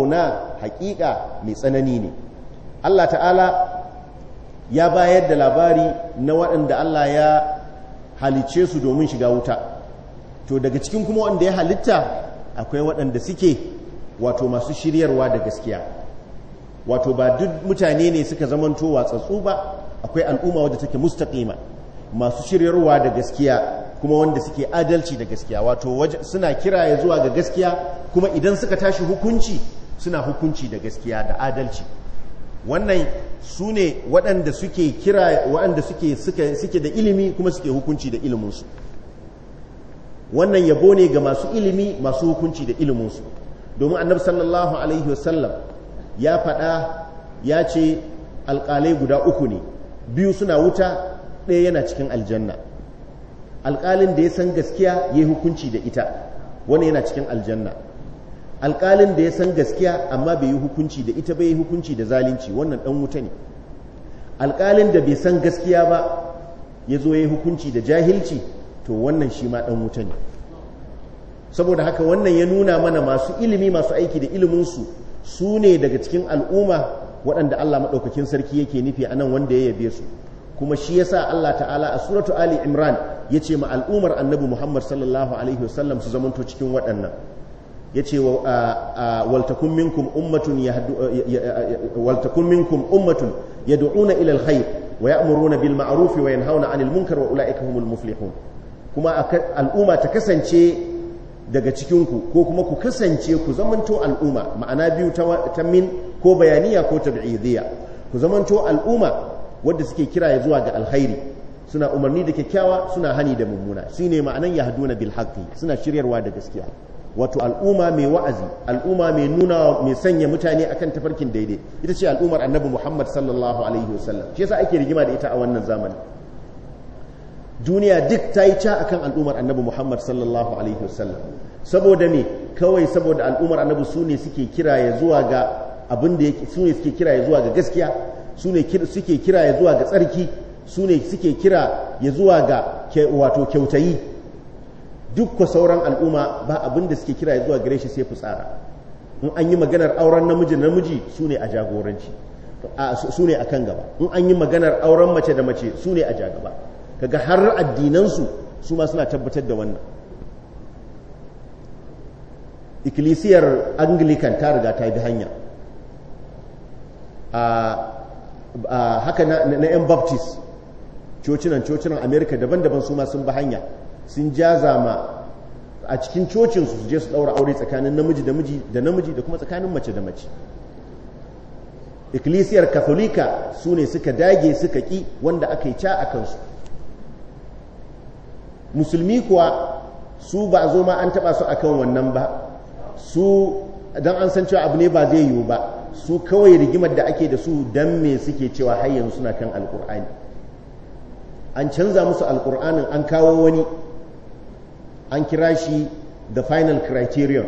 na haƙiƙa mai tsanani ne Allah ta'ala ya bayar da labari na waɗanda Allah ya halice su domin shiga wuta to daga cikin kuma wanda ya halitta akwai waɗanda suke wato masu shiryarwa da gaskiya wato ba duk mutane ne suka zamanto watsatsu ba akwai al'umma wadda take mustaqima masu shiryarwa da gaskiya kuma wanda suke adalci da gaskiya wato suna kira zuwa ga gaskiya kuma idan suka tashi hukunci suna hukunci da gaskiya da adalci wannan su ne waɗanda suke kira waɗanda suke da ilimi kuma suke hukunci da iliminsu wannan yabo ne ga masu ilimi masu hukunci da iliminsu domin annabi sallallahu alaihi wasallam ya faɗa ya ce alƙalai guda uku ne biyu suna wuta ɗaya yana cikin aljanna alƙalin da ya san gaskiya ya yi hukunci da ita wani yana cikin aljanna alƙalin da ya san gaskiya amma bai yi hukunci da ita bai yi hukunci da zalunci wannan ɗan wuta ne alƙalin da bai san gaskiya ba ya zo ya yi hukunci da jahilci to wannan shi ma dan wuta ne saboda haka wannan ya nuna mana masu ilimi masu aiki da iliminsu su ne daga cikin al'umma waɗanda Allah maɗaukakin sarki yake nufi a nan wanda ya yabe su kuma shi yasa Allah ta'ala a suratu Ali Imran ya ce ma al'ummar annabi Muhammad sallallahu alaihi wasallam su zamanto cikin waɗannan ya ce waltakun minkum ummatun waltakun minkum ummatun yad'una ila alkhair wa ya'muruna bil ma'ruf wa yanhauna 'anil munkar wa ulaika humul muflihun kuma al'umma ta kasance daga cikinku ko kuma ku kasance ku zamanto al'umma ma'ana biyu ta min ko bayaniya ko tab'idiyya ku zamanto al'umma wadda suke kira ya zuwa ga alhairi suna umarni da kyakkyawa suna hani da mummuna shine ma'anan yahduna bil haqqi suna shiryarwa da gaskiya wato al'umma mai wa'azi al'umma mai nuna mai sanya mutane akan tafarkin daidai ita ce al'ummar annabi Muhammad sallallahu alaihi wasallam shi yasa ake rigima da ita a wannan zamanin. duniya duk ta yi ca akan al'ummar annabi muhammad sallallahu alaihi wasallam saboda me kawai saboda al'ummar annabi su ne suke ya zuwa ga abin da yake su ne suke ya zuwa ga gaskiya su ne suke ya zuwa ga tsarki su ne suke kira ya zuwa ga wato kyautayi duk ko sauran al'umma ba abin da suke kira ya zuwa gare shi sai fitsara in an yi maganar auren namiji namiji su ne a jagoranci su ne a kan gaba in an yi maganar auren mace da mace su ne a jagaba kaga har addinansu su ma suna tabbatar da wannan Ikilisiyar anglican ta riga ta bi hanya a haka na 'yan baptist cocinan cocinan america daban-daban su ma sun bi hanya sun jaza ma a cikin cocinsu su je su daura aure tsakanin namiji da miji da namiji da kuma tsakanin mace da mace Ikilisiyar katholika su ne suka dage suka ƙi wanda aka yi ca a kansu musulmi kuwa su ba zo ma an taba su akan wannan ba su dan an san cewa abu ne ba zai yiwu ba su kawai rigimar da ake da su dan me suke cewa har yanzu suna kan alkur'ani an canza musu alkur'anin an kawo wani an kira shi the final criterion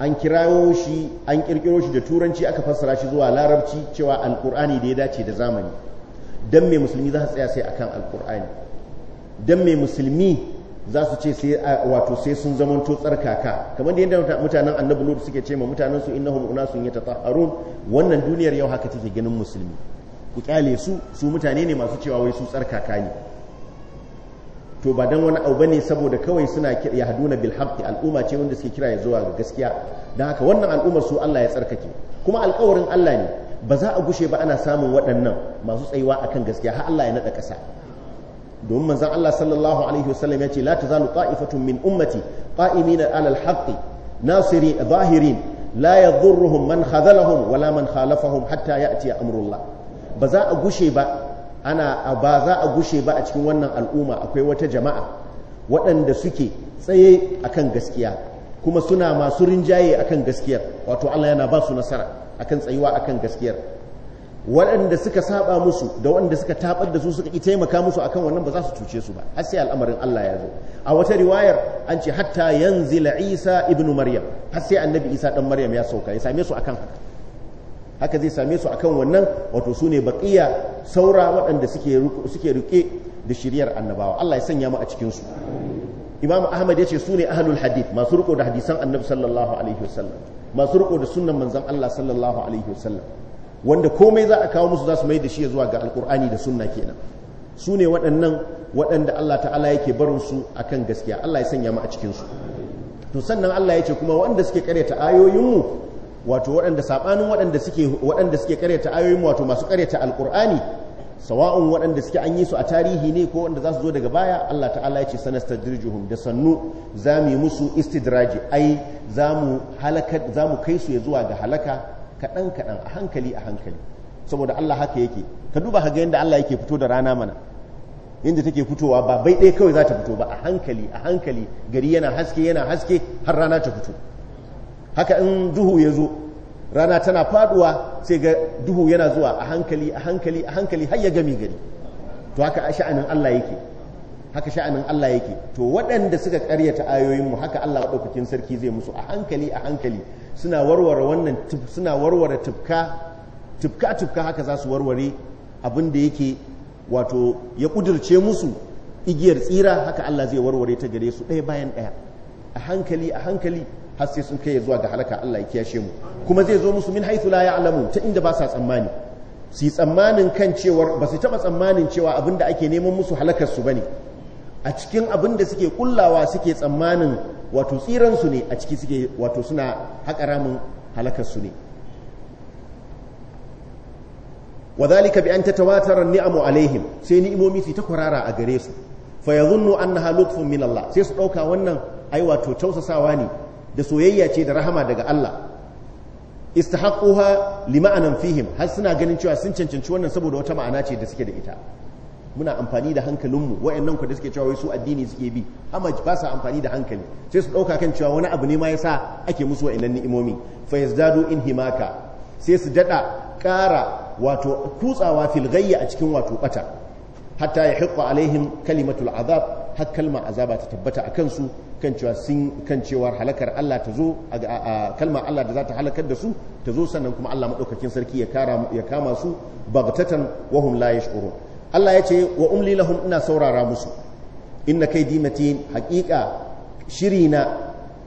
an kirawo shi an kirkiro shi da turanci aka fassara shi zuwa larabci cewa alkur'ani da ya dace da zamani dan me musulmi za su tsaya sai akan alkur'ani don mai musulmi za su ce sai wato sai sun zamanto tsarkaka kamar da yadda mutanen annabi nuhu suke ce ma mutanen su innahum yi yatatahharun wannan duniyar yau haka take ganin musulmi ku kyale su su mutane ne masu cewa wai su tsarkaka ne to ba dan wani abu bane saboda kawai suna ya haduna bil haqqi al'umma ce wanda suke kira ya zuwa ga gaskiya dan haka wannan al'ummar su Allah ya tsarkake kuma alƙawarin Allah ne ba za a gushe ba ana samun waɗannan masu tsayuwa akan gaskiya har Allah ya naɗa ƙasa domin manzon Allah sallallahu alaihi wasallam ya ce la tazalu qa'ifatun min ummati qa'imina alal haqqi nasiri zahirin la yadhurruhum man khadhalahum wala man khalafahum hatta ya'ti amrullah ba za ba za a gushe ba a cikin wannan al'umma akwai wata jama'a waɗanda suke tsaye akan gaskiya kuma suna masu rinjaye akan gaskiyar wato Allah yana nasara akan tsayuwa akan gaskiyar waɗanda suka saba musu da waɗanda suka tabar da su suka ki taimaka musu akan wannan ba za su cuce su ba har sai al'amarin Allah ya zo a wata riwayar an ce hatta yanzila Isa ibn Maryam har sai annabi Isa dan Maryam ya sauka ya same su akan haka haka zai same su akan wannan wato su ne baqiya saura waɗanda suke suke rike da shiriyar annabawa Allah ya sanya mu a cikin su Imam Ahmad ya ce su ne ahlul hadith masu riko da hadisan annabi sallallahu alaihi wasallam masu riko da sunnan manzon Allah sallallahu alaihi wasallam wanda komai za a kawo musu za su mai da shi zuwa ga alkur'ani da sunna kenan su ne waɗannan waɗanda Allah ta'ala yake barinsu a kan gaskiya Allah ya sanya mu a cikinsu to sannan Allah ya ce kuma waɗanda suke karyata ayoyinmu wato waɗanda saɓanin waɗanda suke waɗanda suke karyata ayoyinmu wato masu karyata alkur'ani sawa'un waɗanda suke an yi su a tarihi ne ko waɗanda za su zo daga baya Allah ta'ala ya ce sanastadrijuhum da sannu za mu yi musu istidraji ai za mu kai su ya zuwa ga halaka kaɗan kaɗan a hankali a hankali saboda Allah haka yake ka duba haka yadda Allah yake fito da rana mana yadda take fitowa ba bai ɗaya kawai za ta fito ba a hankali a hankali gari yana haske yana haske har rana ta fito haka in duhu ya zo rana tana faɗuwa sai ga duhu yana zuwa a hankali a hankali a hankali har ya gami gari to haka a sha'anin Allah yake haka sha'anin Allah yake to waɗanda suka ƙaryata mu haka Allah maɗaukakin sarki zai musu a hankali a hankali suna warware wannan suna warware tufka tufka tufka haka za su warware abin da yake wato ya kudirce musu igiyar tsira haka Allah zai warware ta gare su ɗaya bayan ɗaya a hankali a hankali har sai sun kai zuwa ga halaka Allah ya kiyashe mu kuma zai zo musu min haythu la ya'lamu ta inda ba sa tsammani su yi tsammanin kan cewar ba su taɓa tsammanin cewa abin da ake neman musu halakar su bane a cikin abin da suke kullawa suke tsammanin wato tsiransu ne a ciki suke wato suna haƙa ramin halakarsu ne wadhalika bi an tatawatara ni'amu alaihim sai ni'imomi su ta kwarara a gare su fa an na lutfun min Allah sai su ɗauka wannan ai wato tausasawa ne da soyayya ce da rahama daga Allah istahaqquha lima'anan fihim har suna ganin cewa sun cancanci wannan saboda wata ma'ana ce da suke da ita muna amfani da hankalinmu wa'annan ku da suke cewa su addini suke bi amma ba sa amfani da hankali sai su ɗauka kan cewa wani abu ne ma ya sa ake musu wa'annan ni'imomi fa yazdadu in himaka sai su daɗa ƙara wato kutsawa fil a cikin wato bata hatta yahiqqa alaihim kalimatul azab har kalma azaba ta tabbata a kansu kan cewa sun kan cewa halakar Allah ta zo kalma Allah da za ta halakar da su ta zo sannan kuma Allah maɗaukakin sarki ya kama su bagtatan wa hum la yash'urun Allah ya ce wa umli lahum ina saurara musu inna kai matin haƙiƙa shirina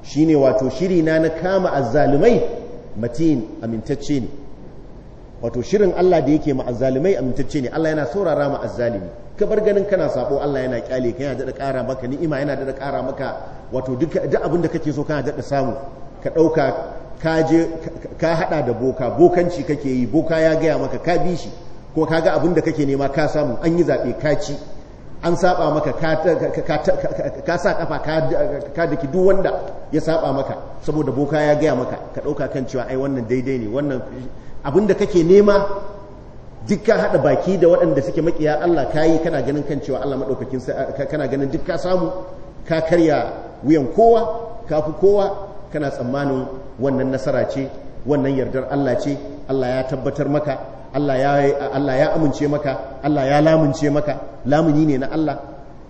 shine wato shirina na kama azzalumai matin amintacce ne wato shirin Allah da yake ma azzalumai amintacce ne Allah yana saurara ma azzalumi ka bar ganin kana sabo Allah yana kyale ka yana da ƙara maka ni'ima yana da ƙara maka wato duk abin da kake so kana da samu ka dauka ka je ka hada da boka bokanci kake yi boka ya gaya maka ka bi shi ko ga abin da kake nema ka samu an yi zaɓe ka ci an saba maka ka sa kafa ka daki duk wanda ya saba maka saboda boka ya gaya maka ka ɗauka kan cewa ai wannan daidai ne wannan abin da kake nema duk ka haɗa baki da waɗanda suke makiya Allah ka yi kana ganin kan cewa Allah maɗaukakin kana ganin duk ka samu ka karya wuyan kowa ka fi kowa kana tsammanin wannan nasara ce wannan yardar Allah ce Allah ya tabbatar maka Allah ya amince maka Allah ya lamunce maka lamuni ne na Allah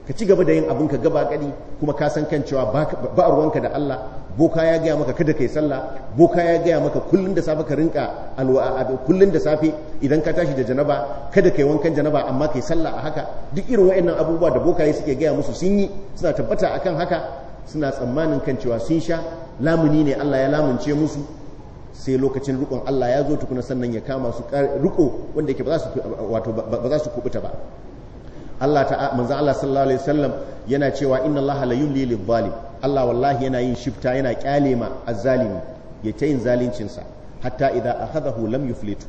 ka ci gaba da yin abin ka gaba gani kuma ka san kan cewa ba ruwanka da Allah boka ya gaya maka kada kai sallah boka ya gaya maka kullun da safe ka rinka alwa'a kullun da safe idan ka tashi da janaba kada kai wankan janaba amma kai sallah a haka duk irin waɗannan abubuwa da bokaye suke gaya musu sun yi suna tabbata akan haka suna tsammanin kan cewa sun sha lamuni ne Allah ya lamunce musu sai lokacin rukun Allah ya zo tukuna sannan ya kama su ruko wanda yake ba za su kubuta ba Allah ta manzo Allah sallallahu alaihi wasallam yana cewa inna Allah la yulli lil Allah wallahi yana yin shifta yana kyale ma a azzalimi ya ta yin zalincin sa hatta idza akhadahu lam yuflitu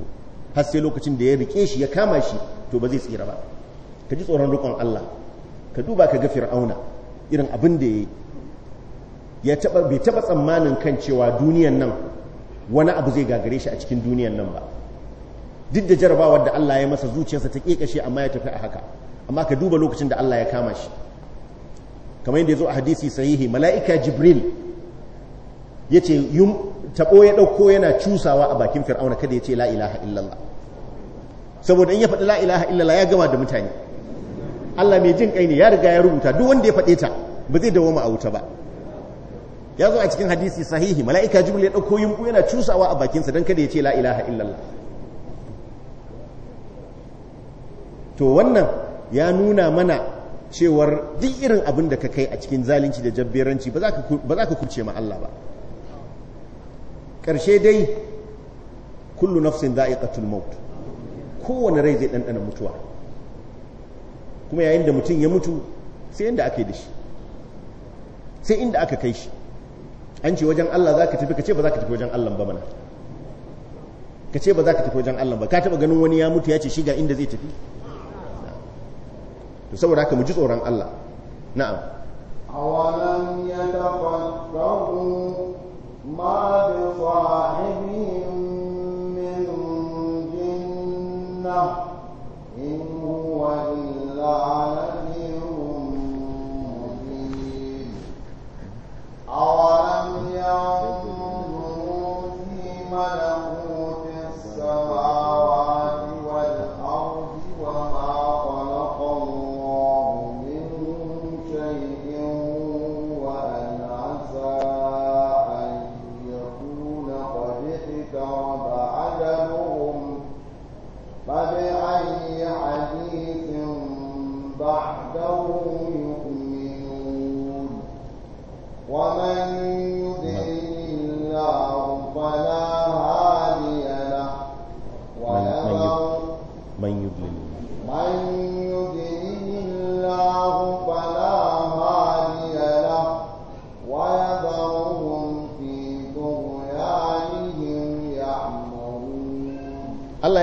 har sai lokacin da ya rike shi ya kama shi to ba zai tsira ba ka ji tsoron rukun Allah ka duba ka ga fir'auna irin abin da ya taba bai taba tsammanin kan cewa duniyan nan wani abu zai gagare shi a cikin duniyan nan ba duk da jarabawar da Allah ya masa zuciyarsa ta kekashe amma ya tafi a haka amma ka duba lokacin da Allah ya kama shi kamar yadda ya zo a hadisi sahihi mala'ika jibril ya ce taɓo ya ɗauko yana cusawa a bakin fir'auna kada ya ce la ilaha illallah saboda in ya faɗi la ilaha illallah ya gama da mutane Allah mai jin kai ne ya riga ya rubuta duk wanda ya faɗe ta ba zai dawo a wuta ba ya zo a cikin hadisi sahihi mala'ika jibril ya ɗauko yin yana cusawa a bakinsa don kada ya ce la ilaha illallah to wannan ya nuna mana cewar duk irin abin da ka kai a cikin zalunci da jabberanci ba za ka kurce ma ba ƙarshe dai kullu nafsin za'iqatul maut kowane rai zai ɗanɗana mutuwa kuma yayin da mutum ya mutu sai inda aka da shi sai inda aka kai shi an ce wajen Allah za ka tafi ka ce ba za ka tafi wajen Allah ba mana ka ce ba za ka tafi wajen Allah ba ka taba ganin wani ya mutu ya ce shi ga inda zai tafi to saboda haka mu ji tsoron Allah na'am awalan ya yatafakkaru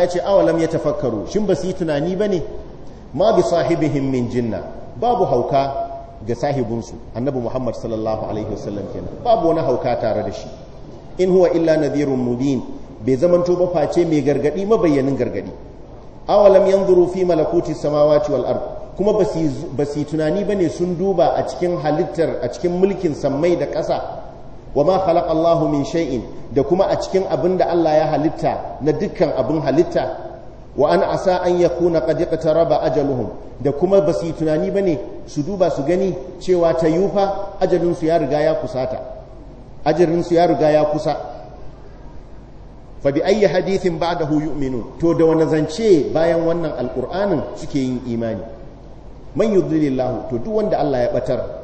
ya ce awalam ya tafakkaru shin ba su yi tunani ba ne ma bi sahibihim min jinna babu hauka ga sahibinsu annabi muhammad sallallahu alaihi wasallam kenan babu wani hauka tare da shi in huwa illa nadhirun mubin bai zamanto ba face mai gargadi mabayyanin gargadi awalam yanzuru fi malakuti samawati wal ard kuma ba su tunani bane sun duba a cikin halittar a cikin mulkin sammai da ƙasa wa ma khalaqa Allahu min shay'in da kuma a cikin abin da Allah ya halitta na dukkan abin halitta wa an asa an yakuna qad iqtaraba ajaluhum da kuma basu yi tunani bane su duba su gani cewa ta yufa ajalin su ya riga ya kusata ajalin su ya riga ya kusa fa bi ayyi hadithin ba'dahu yu'minu to da wani zance bayan wannan alqur'anin suke yin imani man yudlilillahu to duk wanda Allah ya batar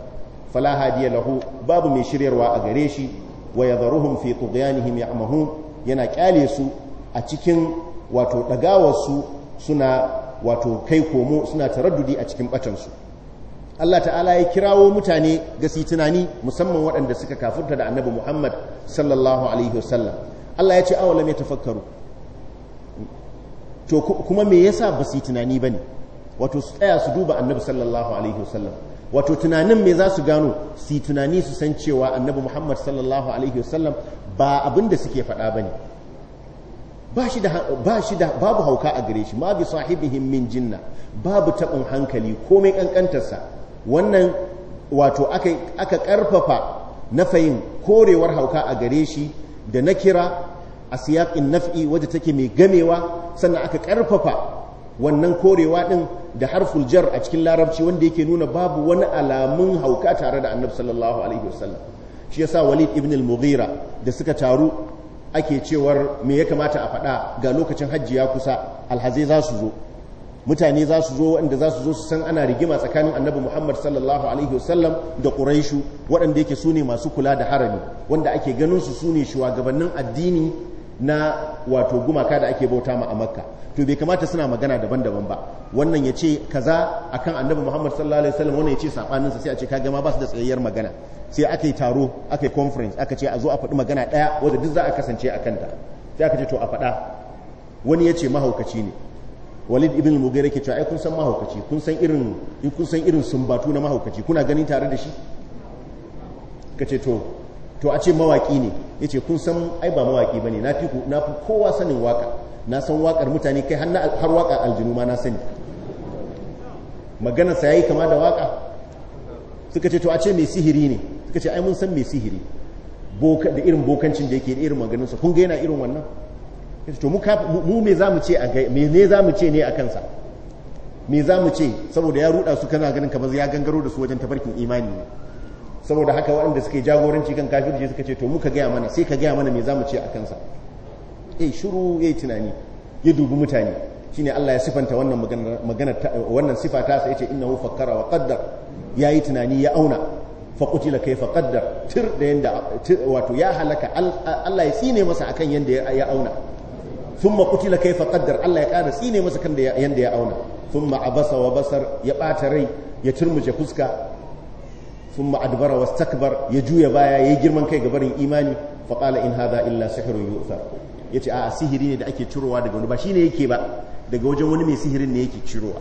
fala hadiya lahu babu mai shiryarwa a gare shi wa yadharuhum fi tughyanihim ya'mahun yana kyale su a cikin wato ɗagawarsu suna wato kai komo suna taraddudi a cikin batan Allah ta'ala ya kirawo mutane ga su tunani musamman waɗanda suka kafurta da annabi Muhammad sallallahu alaihi wasallam Allah ya ce awalam yatafakkaru to kuma me yasa ba su tunani bane wato su tsaya su duba annabi sallallahu alaihi wasallam wato tunanin mai za su gano su tunani su san cewa annabi muhammad sallallahu alaihi wasallam ba abin da suke faɗa ba ne ba shi da babu hauka a gare shi ma bi sahibihim min jinna babu taɓin hankali komai ƙanƙantarsa wannan wato aka ƙarfafa fahim korewar hauka a gare shi da na kira a siyaƙin naf'i wadda take mai gamewa sannan aka ƙarfafa wannan korewa ɗin da harful jar a cikin larabci wanda yake nuna babu wani alamun hauka tare da annabi sallallahu alaihi wasallam shi yasa walid ibn al-mughira da suka taru ake cewar me ya kamata a faɗa ga lokacin hajji ya kusa alhazai za su zo mutane za su zo waɗanda za su zo su san ana rigima tsakanin annabi muhammad sallallahu alaihi wasallam da ƙuraishu waɗanda yake sune masu kula da harami wanda ake ganin su sune ne shugabannin addini na wato gumaka da ake bauta ma a makka to bai kamata suna magana daban-daban ba wannan ya ce kaza akan annabi muhammad sallallahu alaihi wasallam wannan ya ce saɓaninsa sai a ce ka gama ba su da tsayayyar magana sai aka yi taro aka yi conference aka ce a zo a faɗi magana ɗaya wadda duk za a kasance a kanta sai aka ce to a faɗa wani ya ce mahaukaci ne walid ibn mugaira ke cewa ai kun san mahaukaci kun san irin in kun san irin sumbatu na mahaukaci kuna gani tare da shi ce to to a ce mawaki ne ce kun san ai ba mawaki ba na fi na fi kowa sanin waka na san waƙar mutane kai har waka aljinu ma na sani maganarsa ya yi kama da waƙa suka ce to a ce mai sihiri ne suka ce ai mun san mai sihiri da irin bokancin da yake da irin maganinsa kun ga yana irin wannan to mu me za mu ce a gai me ne za mu ce ne a kansa me za mu ce saboda ya ruɗa su kana ganin kamar ya gangaro da su wajen tabarkin imani ne saboda haka waɗanda suke jagoranci kan kafirci suka ce to mu ka gaya mana sai ka gaya mana me za mu ce a kansa yayi shiru yayi tunani ya dubi mutane shine Allah ya sifanta wannan magana sifa ta sa ina innahu fakkara wa ya yi tunani ya auna fa kai fa qaddar tir da yanda wato ya halaka Allah ya tsine masa akan yanda ya auna sun thumma kai fa qaddar Allah ya kara tsine masa kan yanda ya auna thumma abasa wa basar ya ɓata rai ya turmuje fuska thumma adbara wastakbar ya juya baya ya yi girman kai gabarin imani fa qala in hadha illa sihrun yu'thar ya ce a sihiri ne da ake cirowa daga wani ba shi ne yake ba daga wajen wani mai sihirin ne yake cirowa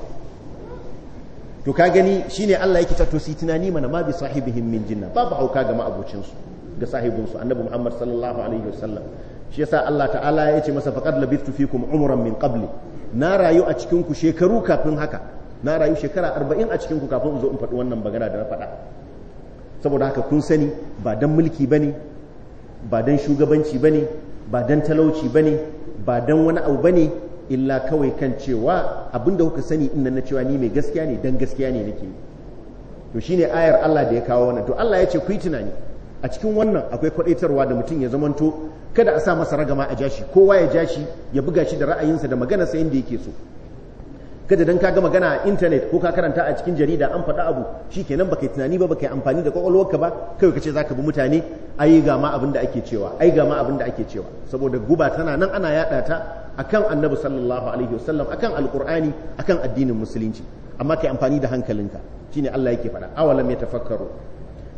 to ka gani shi ne Allah yake tato si tunani mana ma bi sahibihim min jinna babu hauka ga ma'abocinsu ga sahibinsu annabi muhammad sallallahu alaihi wasallam shi yasa Allah ta'ala ya ce masa faqad labistu fikum umran min qabli na rayu a cikinku shekaru kafin haka na rayu shekara arba'in a cikin ku kafin in zo in faɗi wannan magana da na faɗa saboda haka kun sani ba dan mulki ba ne ba dan shugabanci ba ne. ba don talauci ba ne, ba don wani abu ba ne, illa kawai kan cewa da kuka sani inda na cewa ni mai gaskiya ne don gaskiya ne nake to shine ayar Allah da ya kawo wannan to Allah ya ce ku tunani a cikin wannan akwai kwadaitarwa da mutum ya zamanto kada a sa masa ragama a jashi kowa ya jashi ya buga shi da ra'ayinsa da maganarsa inda yake so kada dan ka ga magana a intanet ko ka karanta a cikin jarida an faɗa abu shikenan baka yi tunani ba baka yi amfani da kwakwalwarka ba kai ka ce zaka bi mutane ai ga ma abin da ake cewa ai ga ma abin da ake cewa saboda guba tana nan ana yada ta akan annabi sallallahu alaihi wasallam akan alqur'ani akan addinin musulunci amma kai amfani da hankalinka shine Allah yake faɗa awalam yatafakkaru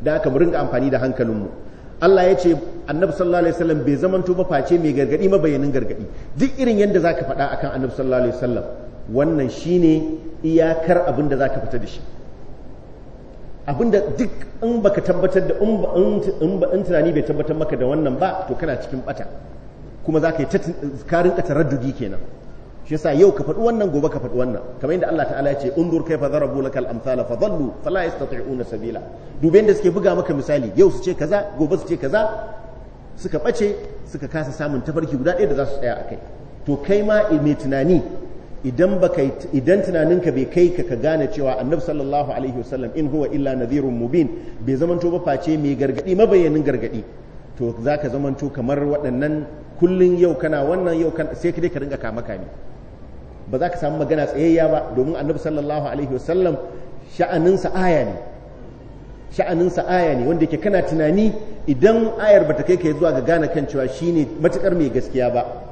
da aka mu ringa amfani da hankalinmu Allah ya ce annabi sallallahu alaihi wasallam bai zamanto ba face mai gargadi mabayanin gargadi duk irin yadda zaka faɗa akan annabi sallallahu alaihi wasallam wannan shi ne iyakar abin da za ka fita da shi abin da duk in ba ka tabbatar da in tunani bai tabbatar maka da wannan ba to kana cikin bata kuma za ka yi karin ka taraddudi kenan shi yasa yau ka faɗi wannan gobe ka faɗi wannan kamar yadda Allah ta'ala ya ce in undur kaifa kal lakal amsala fa dhallu fala yastati'una sabila dubin da suke buga maka misali yau su ce kaza gobe su ce kaza suka bace suka kasa samun tafarki guda ɗaya da za su tsaya a kai to kai ma mai tunani idan idan tunaninka bai kai ka gane cewa annabi sallallahu alaihi wasallam in huwa illa nadhirun mubin bai zamanto ba face mai gargadi mabayanin gargadi to zaka zamanto kamar waɗannan kullun yau kana wannan yau kana sai ka dai ka rinka kama kame ba za ka samu magana tsayayya ba domin annabi sallallahu alaihi wasallam sha'aninsa aya ne sha'aninsa aya ne wanda yake kana tunani idan ayar bata kai ka zuwa ga gane kan cewa shine matukar mai gaskiya ba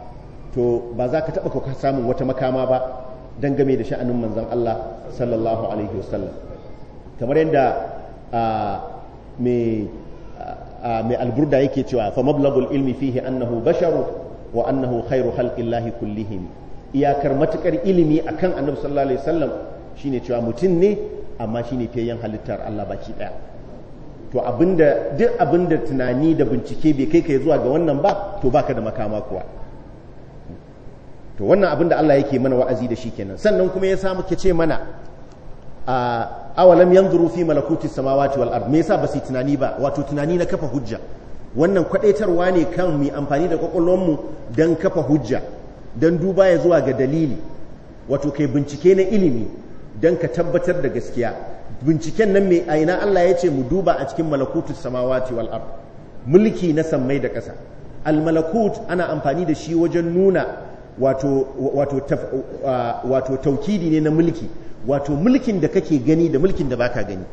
to ba za ka taɓa samun wata makama ba game da sha'anin manzan Allah sallallahu alaihi wasallam kamar yadda mai alburda yake cewa fa mablagul ilmi fihi annahu basharu wa annahu khairu khalqillahi kullihim iyakar matukar ilimi akan annabi sallallahu alaihi wasallam shine cewa mutum ne amma shine fiyayyen halittar Allah baki daya to abinda duk abinda tunani da bincike bai kai kai zuwa ga wannan ba to baka da makama kuwa to wannan abin da Allah yake mana wa'azi da shi kenan sannan kuma ya samu ke ce mana a awalam yanzuru fi malakuti samawati wal ard me yasa ba su tunani ba wato tunani na kafa hujja wannan kwadaitarwa ne kan mu amfani da mu dan kafa hujja dan duba ya zuwa ga dalili wato kai bincike na ilimi dan ka tabbatar da gaskiya binciken nan mai aina Allah ya ce mu duba a cikin malakutu samawati wal ard mulki na sammai da ƙasa al malakut ana amfani da shi wajen nuna wato taukidi ne na mulki wato mulkin da kake gani da mulkin da baka gani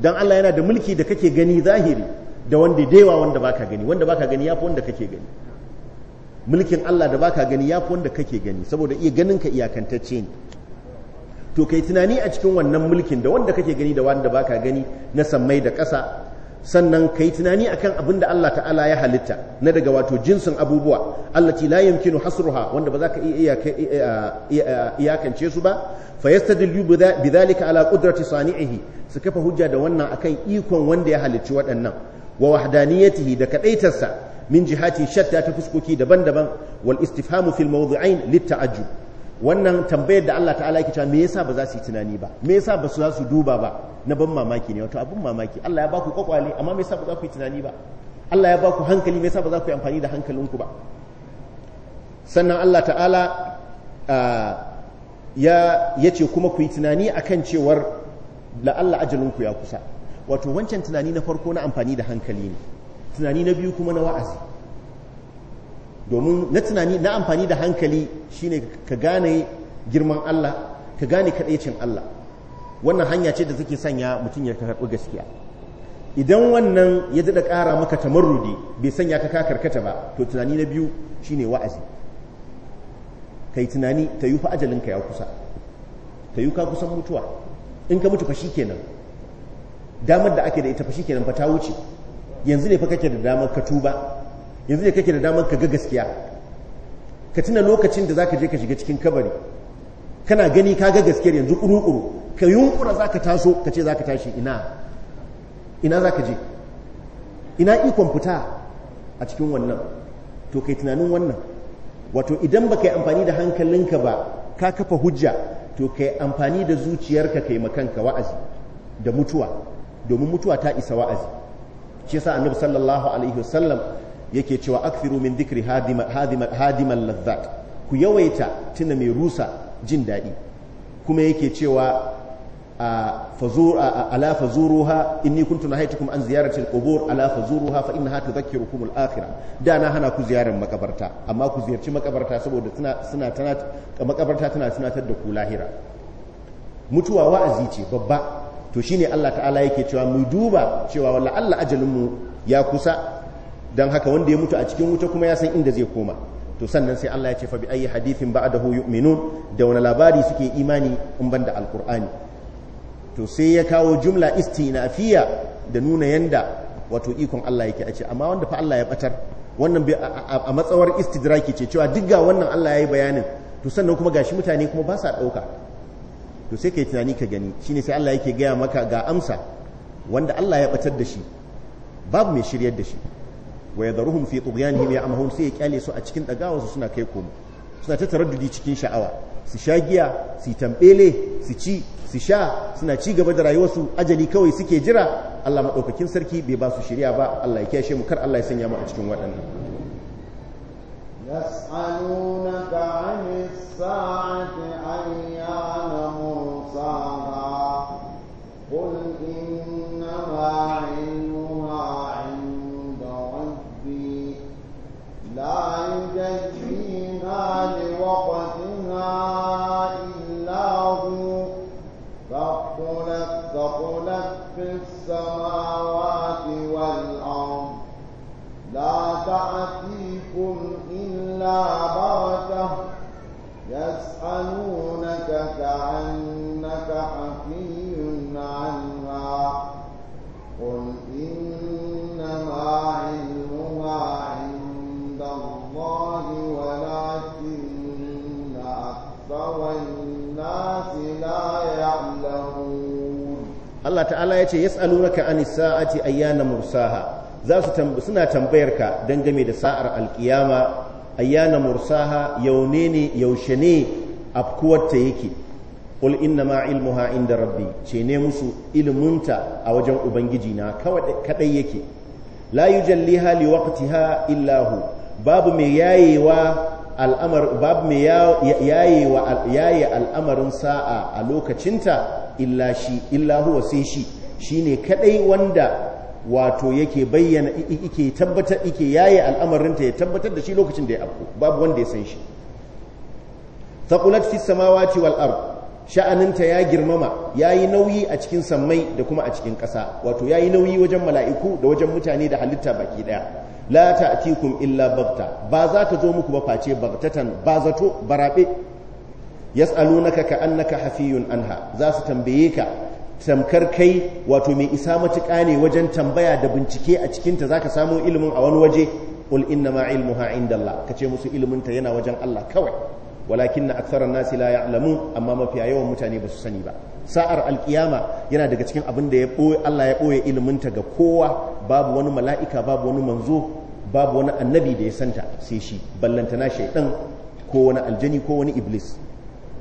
don Allah yana da mulki da kake gani zahiri da wanda daiwa wanda baka gani wanda baka gani ya fi wanda kake gani mulkin Allah da baka gani ya fi wanda kake gani saboda iya ganin ka iyakantacce ne to kai tunani a cikin wannan mulkin da wanda kake gani da wanda baka gani na sammai da ƙasa sannan ka yi tunani akan abin da Allah ta'ala ya halitta na daga wato jinsin abubuwa allati la kinu hasruha wanda ba za ka iya iyakance su ba fa bi zalika ala qudrati sani'ihi su kafa hujja da wannan akan ikon wanda ya halicci waɗannan wa wahdaniyatihi da kadaitarsa min jihati shatta ta fuskoki daban-daban wal istifhamu fil mawdu'ain lit ta'ajjub wannan tambayar da Allah ta'ala yake cewa me yasa ba za su yi tunani ba me yasa ba su za su duba ba na ban mamaki ne wato abin mamaki Allah ya baku kwakwale amma me yasa ba za ku yi tunani ba Allah ya baku hankali me yasa ba za ku yi amfani da hankalinku ba sannan Allah ta'ala ya ce kuma ku yi tunani akan cewar Allah ajalinku ya kusa wato wancan tunani na farko na amfani da hankali ne tunani na biyu kuma na wa'azi domin na tunani na amfani da hankali shine ka gane girman Allah ka gane kadaicin Allah wannan hanya ce da take sanya mutum ya karɓi gaskiya idan wannan ya daɗa ƙara maka tamarrudi bai sanya ka karkata ba to tunani na biyu shine wa'azi ka yi tunani ta yi fa ajalinka ya kusa ta yi ka kusan mutuwa in ka mutu fa kenan damar da ake da ita fashi kenan fa ta wuce yanzu ne fa kake da damar ka tuba yanzu ne kake da damar ka ga gaskiya ka tuna lokacin da ka je ka shiga cikin kabari kana gani ka ga gaskiyar yanzu kuru-kuru ka za zaka taso ka ce zaka tashi ina ina ka je ina ikon fita a cikin wannan to kai tunanin wannan wato idan baka yi amfani da hankalinka ba ka kafa hujja to kai amfani da zuciyarka kai makanka wa'azi da mutuwa domin mutuwa ta isa wa'azi shi yasa annabi sallallahu alaihi wasallam yake cewa akthiru min dhikri hadiman lazzat ku yawaita tuna mai rusa jin daɗi kuma yake cewa ala fazuruha inni kuntu nahaytukum an ziyarati alqubur ala fazuruha fa innaha tudhakkirukum al-akhirah da na hana ku ziyarar makabarta amma ku ziyarci makabarta saboda suna tana makabarta tana tunatar da ku lahira mutuwa wa'azi ce babba to shine Allah ta'ala yake cewa mu duba cewa walla Allah ajalin mu ya kusa don haka wanda ya mutu a cikin wuta kuma ya san inda zai koma to sannan sai Allah ya ce fa bi ayi hadithin ba'dahu yu'minun da wani labari suke imani in banda alkur'ani to sai ya kawo jumla istinafiya da nuna yanda wato ikon Allah yake a ce amma wanda fa Allah ya batar wannan a matsawar istidraki ce cewa duk ga wannan Allah ya yi bayanin to sannan kuma gashi mutane kuma ba sa ɗauka to sai ka yi tunani ka gani shine sai Allah yake gaya maka ga amsa wanda Allah ya batar da shi babu mai shiryar da shi wa ruhun fi tughyanihim ya amahun sai ya kyale su a cikin dagawarsu suna kai komo suna ta taraddudi cikin sha'awa su sha giya su tambele su ci su sha suna ci gaba da rayuwarsu ajali kawai suke jira Allah madaukakin sarki bai ba su shirya ba Allah ya kiyashe mu kar Allah ya sanya mu a cikin waɗannan يسألونك عن الساعة أيان مرساها قل لوقتها إلا هو فاقتلت ثقلت في السماوات والأرض لا تأتيكم إلا بركة يسألونك كأنك حكيم ta'ala ya ce yas'alunaka anis sa'ati ayyana mursaha za su suna tambayar ka dangane da sa'ar alkiyama ayyana mursaha yaune ne yaushe ne afkuwar ta yake qul inna ma ilmuha inda rabbi ce ne musu ilmunta a wajen ubangiji na kadai yake la yujalliha liwaqtiha illa hu babu mai yayewa al'amar babu mai yaye al'amarin sa'a a lokacinta illa shi illa huwa sai shi shine kadai wanda wato yake bayyana yake tabbatar yake yaye al'amarinta ya tabbatar da shi lokacin da ya afko babu wanda ya san shi taqulat fis samawati wal ard sha'aninta ya girmama yayi nauyi a cikin sammai da kuma a cikin ƙasa wato ya yi nauyi wajen mala'iku da wajen mutane da halitta baki daya la ta'tikum illa bagta ba za ta zo muku ba face bagtatan ba zato barabe naka yas'alunaka naka hafiyun anha za su tambaye ka tamkar kai wato mai isa matuƙa ne wajen tambaya da bincike a cikinta zaka samu ilimin a wani waje ul inna ma ilmuha ka ce musu iliminta yana wajen Allah kawai walakin aktharan nasi la ya'lamu amma mafiya yawan mutane ba su sani ba sa'ar alkiyama yana daga cikin abin da ya boye Allah ya boye ilimin ta ga kowa babu wani mala'ika babu wani manzo babu wani annabi da ya santa sai shi ballantana shaidan ko wani aljani ko wani iblis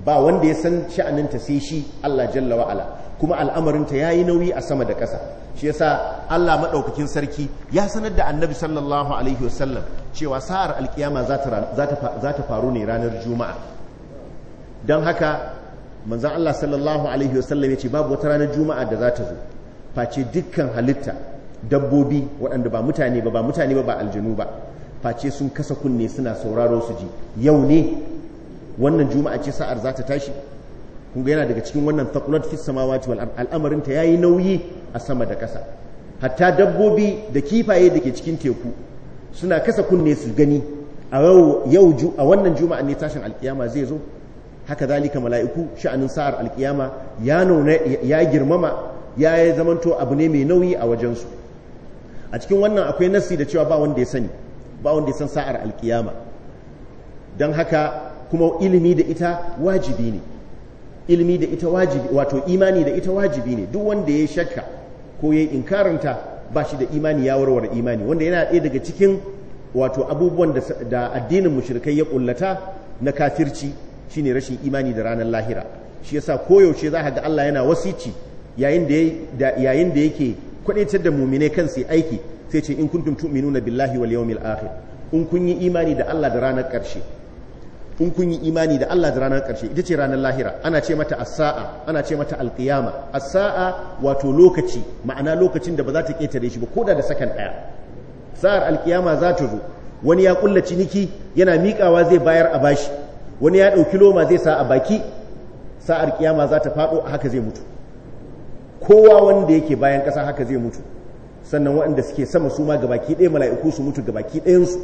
ba wanda ya san sha'aninta sai shi Allah jalla wa'ala kuma al'amarinta ya yi nauyi a sama da ƙasa shi yasa Allah maɗaukakin sarki ya sanar da annabi sallallahu alaihi wasallam cewa sa'ar alkiyama za ta faru ne ranar juma'a don haka manzan Allah sallallahu alaihi wasallam ya ce babu wata ranar juma'a da za ta zo face dukkan halitta dabbobi waɗanda ba mutane ba ba mutane ba ba aljanu ba face sun kasa kunne suna sauraro su ji yau ne wannan juma'a ce sa'ar za ta tashi kunga yana daga cikin wannan thaqulat fis samawati wal al'amarin ta yayi nauyi a sama da kasa hatta dabbobi da kifaye da ke cikin teku suna kasa kunne su gani a yau a wannan juma'a ne tashin alkiyama zai zo haka zalika mala'iku sha'anin sa'ar alkiyama ya nuna ya girmama ya yi zamanto abu ne mai nauyi a wajen su a cikin wannan akwai nasi da cewa ba wanda ya sani ba wanda ya san sa'ar alkiyama don haka kuma ilimi da ita wajibi ne ilimi da ita wajibi wato imani da ita wajibi ne duk wanda ya shakka ko ya inkaranta ba shi da imani ya warware imani wanda yana ɗaya daga cikin wato abubuwan da addinin mushrikai ya kullata na kafirci shine rashin imani da ranar lahira shi yasa koyaushe za a ga Allah yana wasici yayin da yake kwadaitar da mumine kan sai aiki sai ce in kuntum tu'minuna billahi wal yawmil akhir in kun yi imani da Allah da ranar ƙarshe in kun yi imani da Allah da ranar ƙarshe ita ce ranar lahira ana ce mata as-sa'a ana ce mata al-qiyama saa wato lokaci ma'ana lokacin da ba za ta ketare shi ba koda da sakan daya sa'ar al-qiyama za ta zo wani ya kulla ciniki yana miƙawa zai bayar a bashi wani ya ɗauki loma zai sa a baki sa'ar kiyama za ta faɗo haka zai mutu kowa wanda yake bayan ƙasa haka zai mutu sannan waɗanda suke sama su ma gabaki ɗaya mala'iku su mutu gabaki ɗayansu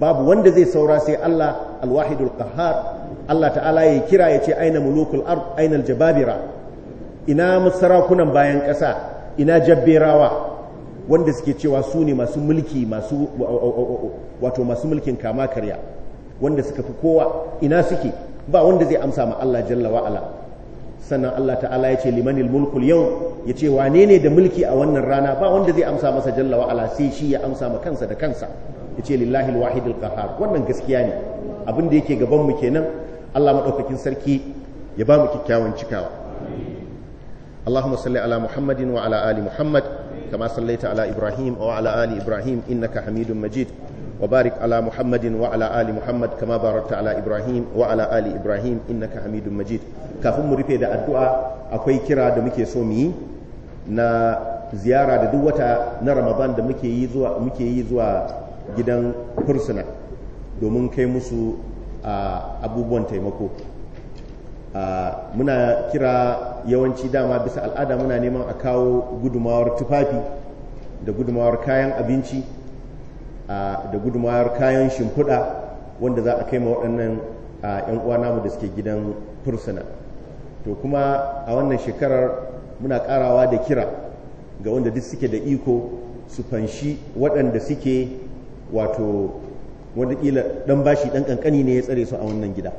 babu wanda zai saura sai Allah alwahidul qahhar Allah ta'ala ya kira yace aina mulukul ard aina aljababira ina sarakunan bayan kasa. ina jabbirawa wanda suke cewa su ne masu mulki masu wato masu mulkin kama karya wanda suka fi kowa ina suke ba wanda zai amsa ma Allah jalla wa'ala sannan Allah ta'ala ya ce limanil mulkul yau ya ce wane ne da mulki a wannan rana ba wanda zai amsa masa jalla wa'ala sai shi ya amsa ma kansa da kansa yace lillahi alwahid alqahar wannan gaskiya ne abin da yake gaban mu kenan Allah madaukakin sarki ya ba mu kikkiawan cikawa Allahumma salli ala Muhammadin wa ala ali Muhammad kama sallaita ala Ibrahim wa ala ali Ibrahim innaka Hamidum Majid wa barik ala Muhammadin wa ala ali Muhammad kama barakta ala Ibrahim wa ala ali Ibrahim innaka Hamidum Majid kafin mu rufe da addu'a akwai kira da muke so mu yi na ziyara da duk wata na Ramadan da muke yi zuwa muke yi zuwa gidan fursuna domin kai musu abubuwan taimako muna kira yawanci dama bisa al'ada muna neman a kawo gudumawar tufafi da gudumawar kayan abinci da gudumawar kayan shimfiɗa wanda za a kai ma waɗannan 'yan uwa namu da suke gidan fursuna to kuma a wannan shekarar muna karawa da kira ga wanda duk suke da iko su fanshi waɗanda suke wato kila dan bashi dan kankani ne ya tsare su a wannan gida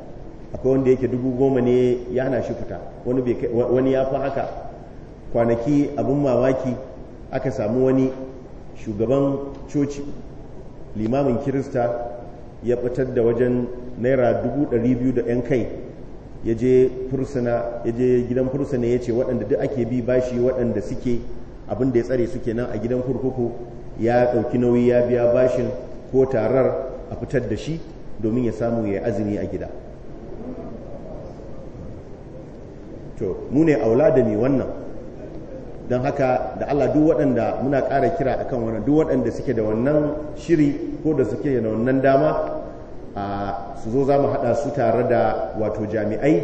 akwai wanda yake dubu goma ne ya hana shi fita wani ya fi haka kwanaki abin mamaki aka samu wani shugaban coci limamin kirista ya fitar da wajen naira dubu ɗari biyu da 'yan kai ya je fursuna ya je gidan fursuna ya ce waɗanda duk ake bi bashi waɗanda suke abin da ya tsare suke nan a gidan kurkuku ya ɗauki nauyi ya biya bashin ko tarar a fitar da shi domin ya samu ya azumi a gida to mu ne aulada da mai wannan don haka da Allah duk waɗanda muna ƙara kira akan wannan duk waɗanda suke da wannan shiri ko da suke da wannan dama a su zo za mu haɗa su tare da wato jami'ai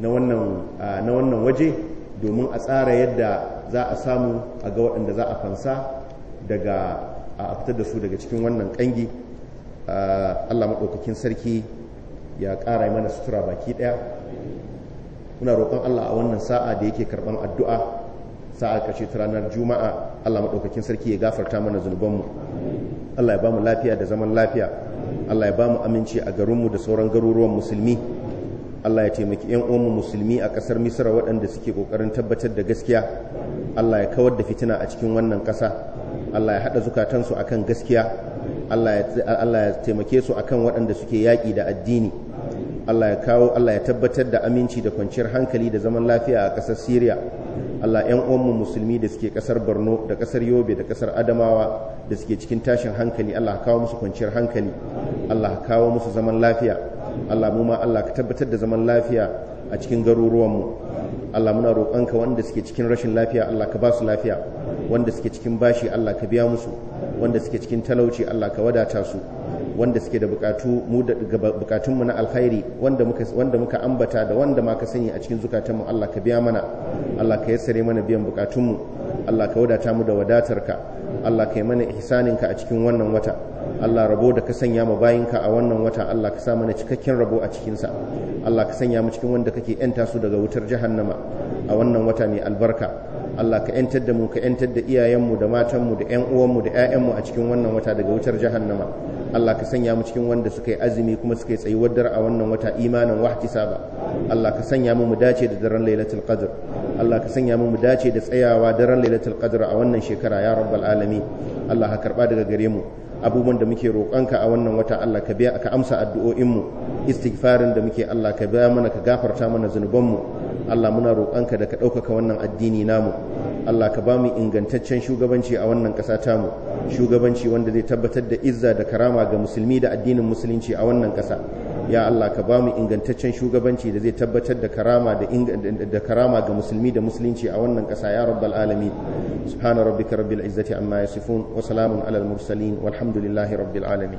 na wannan waje domin a tsara yadda za a samu a ga waɗanda za a fansa daga a fitar da su daga cikin wannan kangi Allah maɗaukakin sarki ya ƙara mana sutura baki ɗaya muna roƙon Allah a wannan sa'a da yake karɓan addu'a sa'a ƙarshe ta ranar juma'a Allah maɗaukakin sarki ya gafarta mana zunubanmu Allah ya ba mu lafiya da zaman lafiya Allah ya ba mu aminci a garinmu da sauran garuruwan musulmi Allah ya taimaki 'yan uwanmu musulmi a ƙasar Misra waɗanda suke ƙoƙarin tabbatar da gaskiya Allah ya kawar da fitina a cikin wannan ƙasa Allah ya haɗa zukatansu akan gaskiya Allah ya taimake su akan waɗanda suke yaƙi da addini Allah ya kawo Allah ya tabbatar da aminci da kwanciyar hankali da zaman lafiya a ƙasar siriya Allah yan uwanmu musulmi da suke ƙasar Borno da ƙasar Yobe da ƙasar Adamawa da suke cikin tashin hankali Allah ya kawo musu kwanciyar hankali Allah ya kawo musu zaman lafiya Allah mu ma Allah ka tabbatar da zaman lafiya a cikin garuruwanmu Allah muna roƙonka wanda suke cikin rashin lafiya Allah ka ba su lafiya wanda suke cikin bashi Allah ka biya musu wanda suke cikin talauci Allah ka wadata su wanda suke da bukatu mu da bukatunmu na alkhairi wanda muka wanda muka ambata da wanda ma ka sani a cikin zukatanmu Allah ka biya mana Allah ka yassare mana biyan bukatunmu Allah ka wadata mu da wadatarka Allah ka yi mana ka a cikin wannan wata Allah rabo da ka sanya mu bayinka a wannan wata Allah ka sa mana cikakken rabo a cikinsa Allah ka sanya mu cikin wanda kake yanta su daga wutar jahannama a wannan wata mai albarka Allah ka yantar da mu ka yantar da iyayenmu da matanmu da 'yan mu da 'ya'yanmu a cikin wannan wata daga wutar jahannama Allah ka sanya mu cikin wanda suka yi azumi kuma suka yi tsayuwar dare a wannan wata imanin saba Allah ka sanya mu dace da daren lailatul qadr Allah ka sanya mu mu dace da tsayawa daren lailatul qadr a wannan shekara ya rabbal alamin Allah ka karba daga gare mu abubuwan da muke roƙonka a wannan wata Allah ka biya ka amsa addu'o'in mu istighfarin da muke Allah ka biya mana ka gafarta mana mu. Allah muna roƙonka da ka ɗaukaka wannan addini namu Allah ka ba mu ingantaccen shugabanci a wannan ƙasa tamu shugabanci wanda zai tabbatar da izza da karama ga musulmi da addinin musulunci a wannan ƙasa ya Allah ka ba mu ingantaccen shugabanci da zai tabbatar da karama da da karama ga musulmi da musulunci a wannan ƙasa ya rabbal alamin subhana rabbika rabbil izzati amma yasifun wa salamun alal mursalin walhamdulillahi rabbil alamin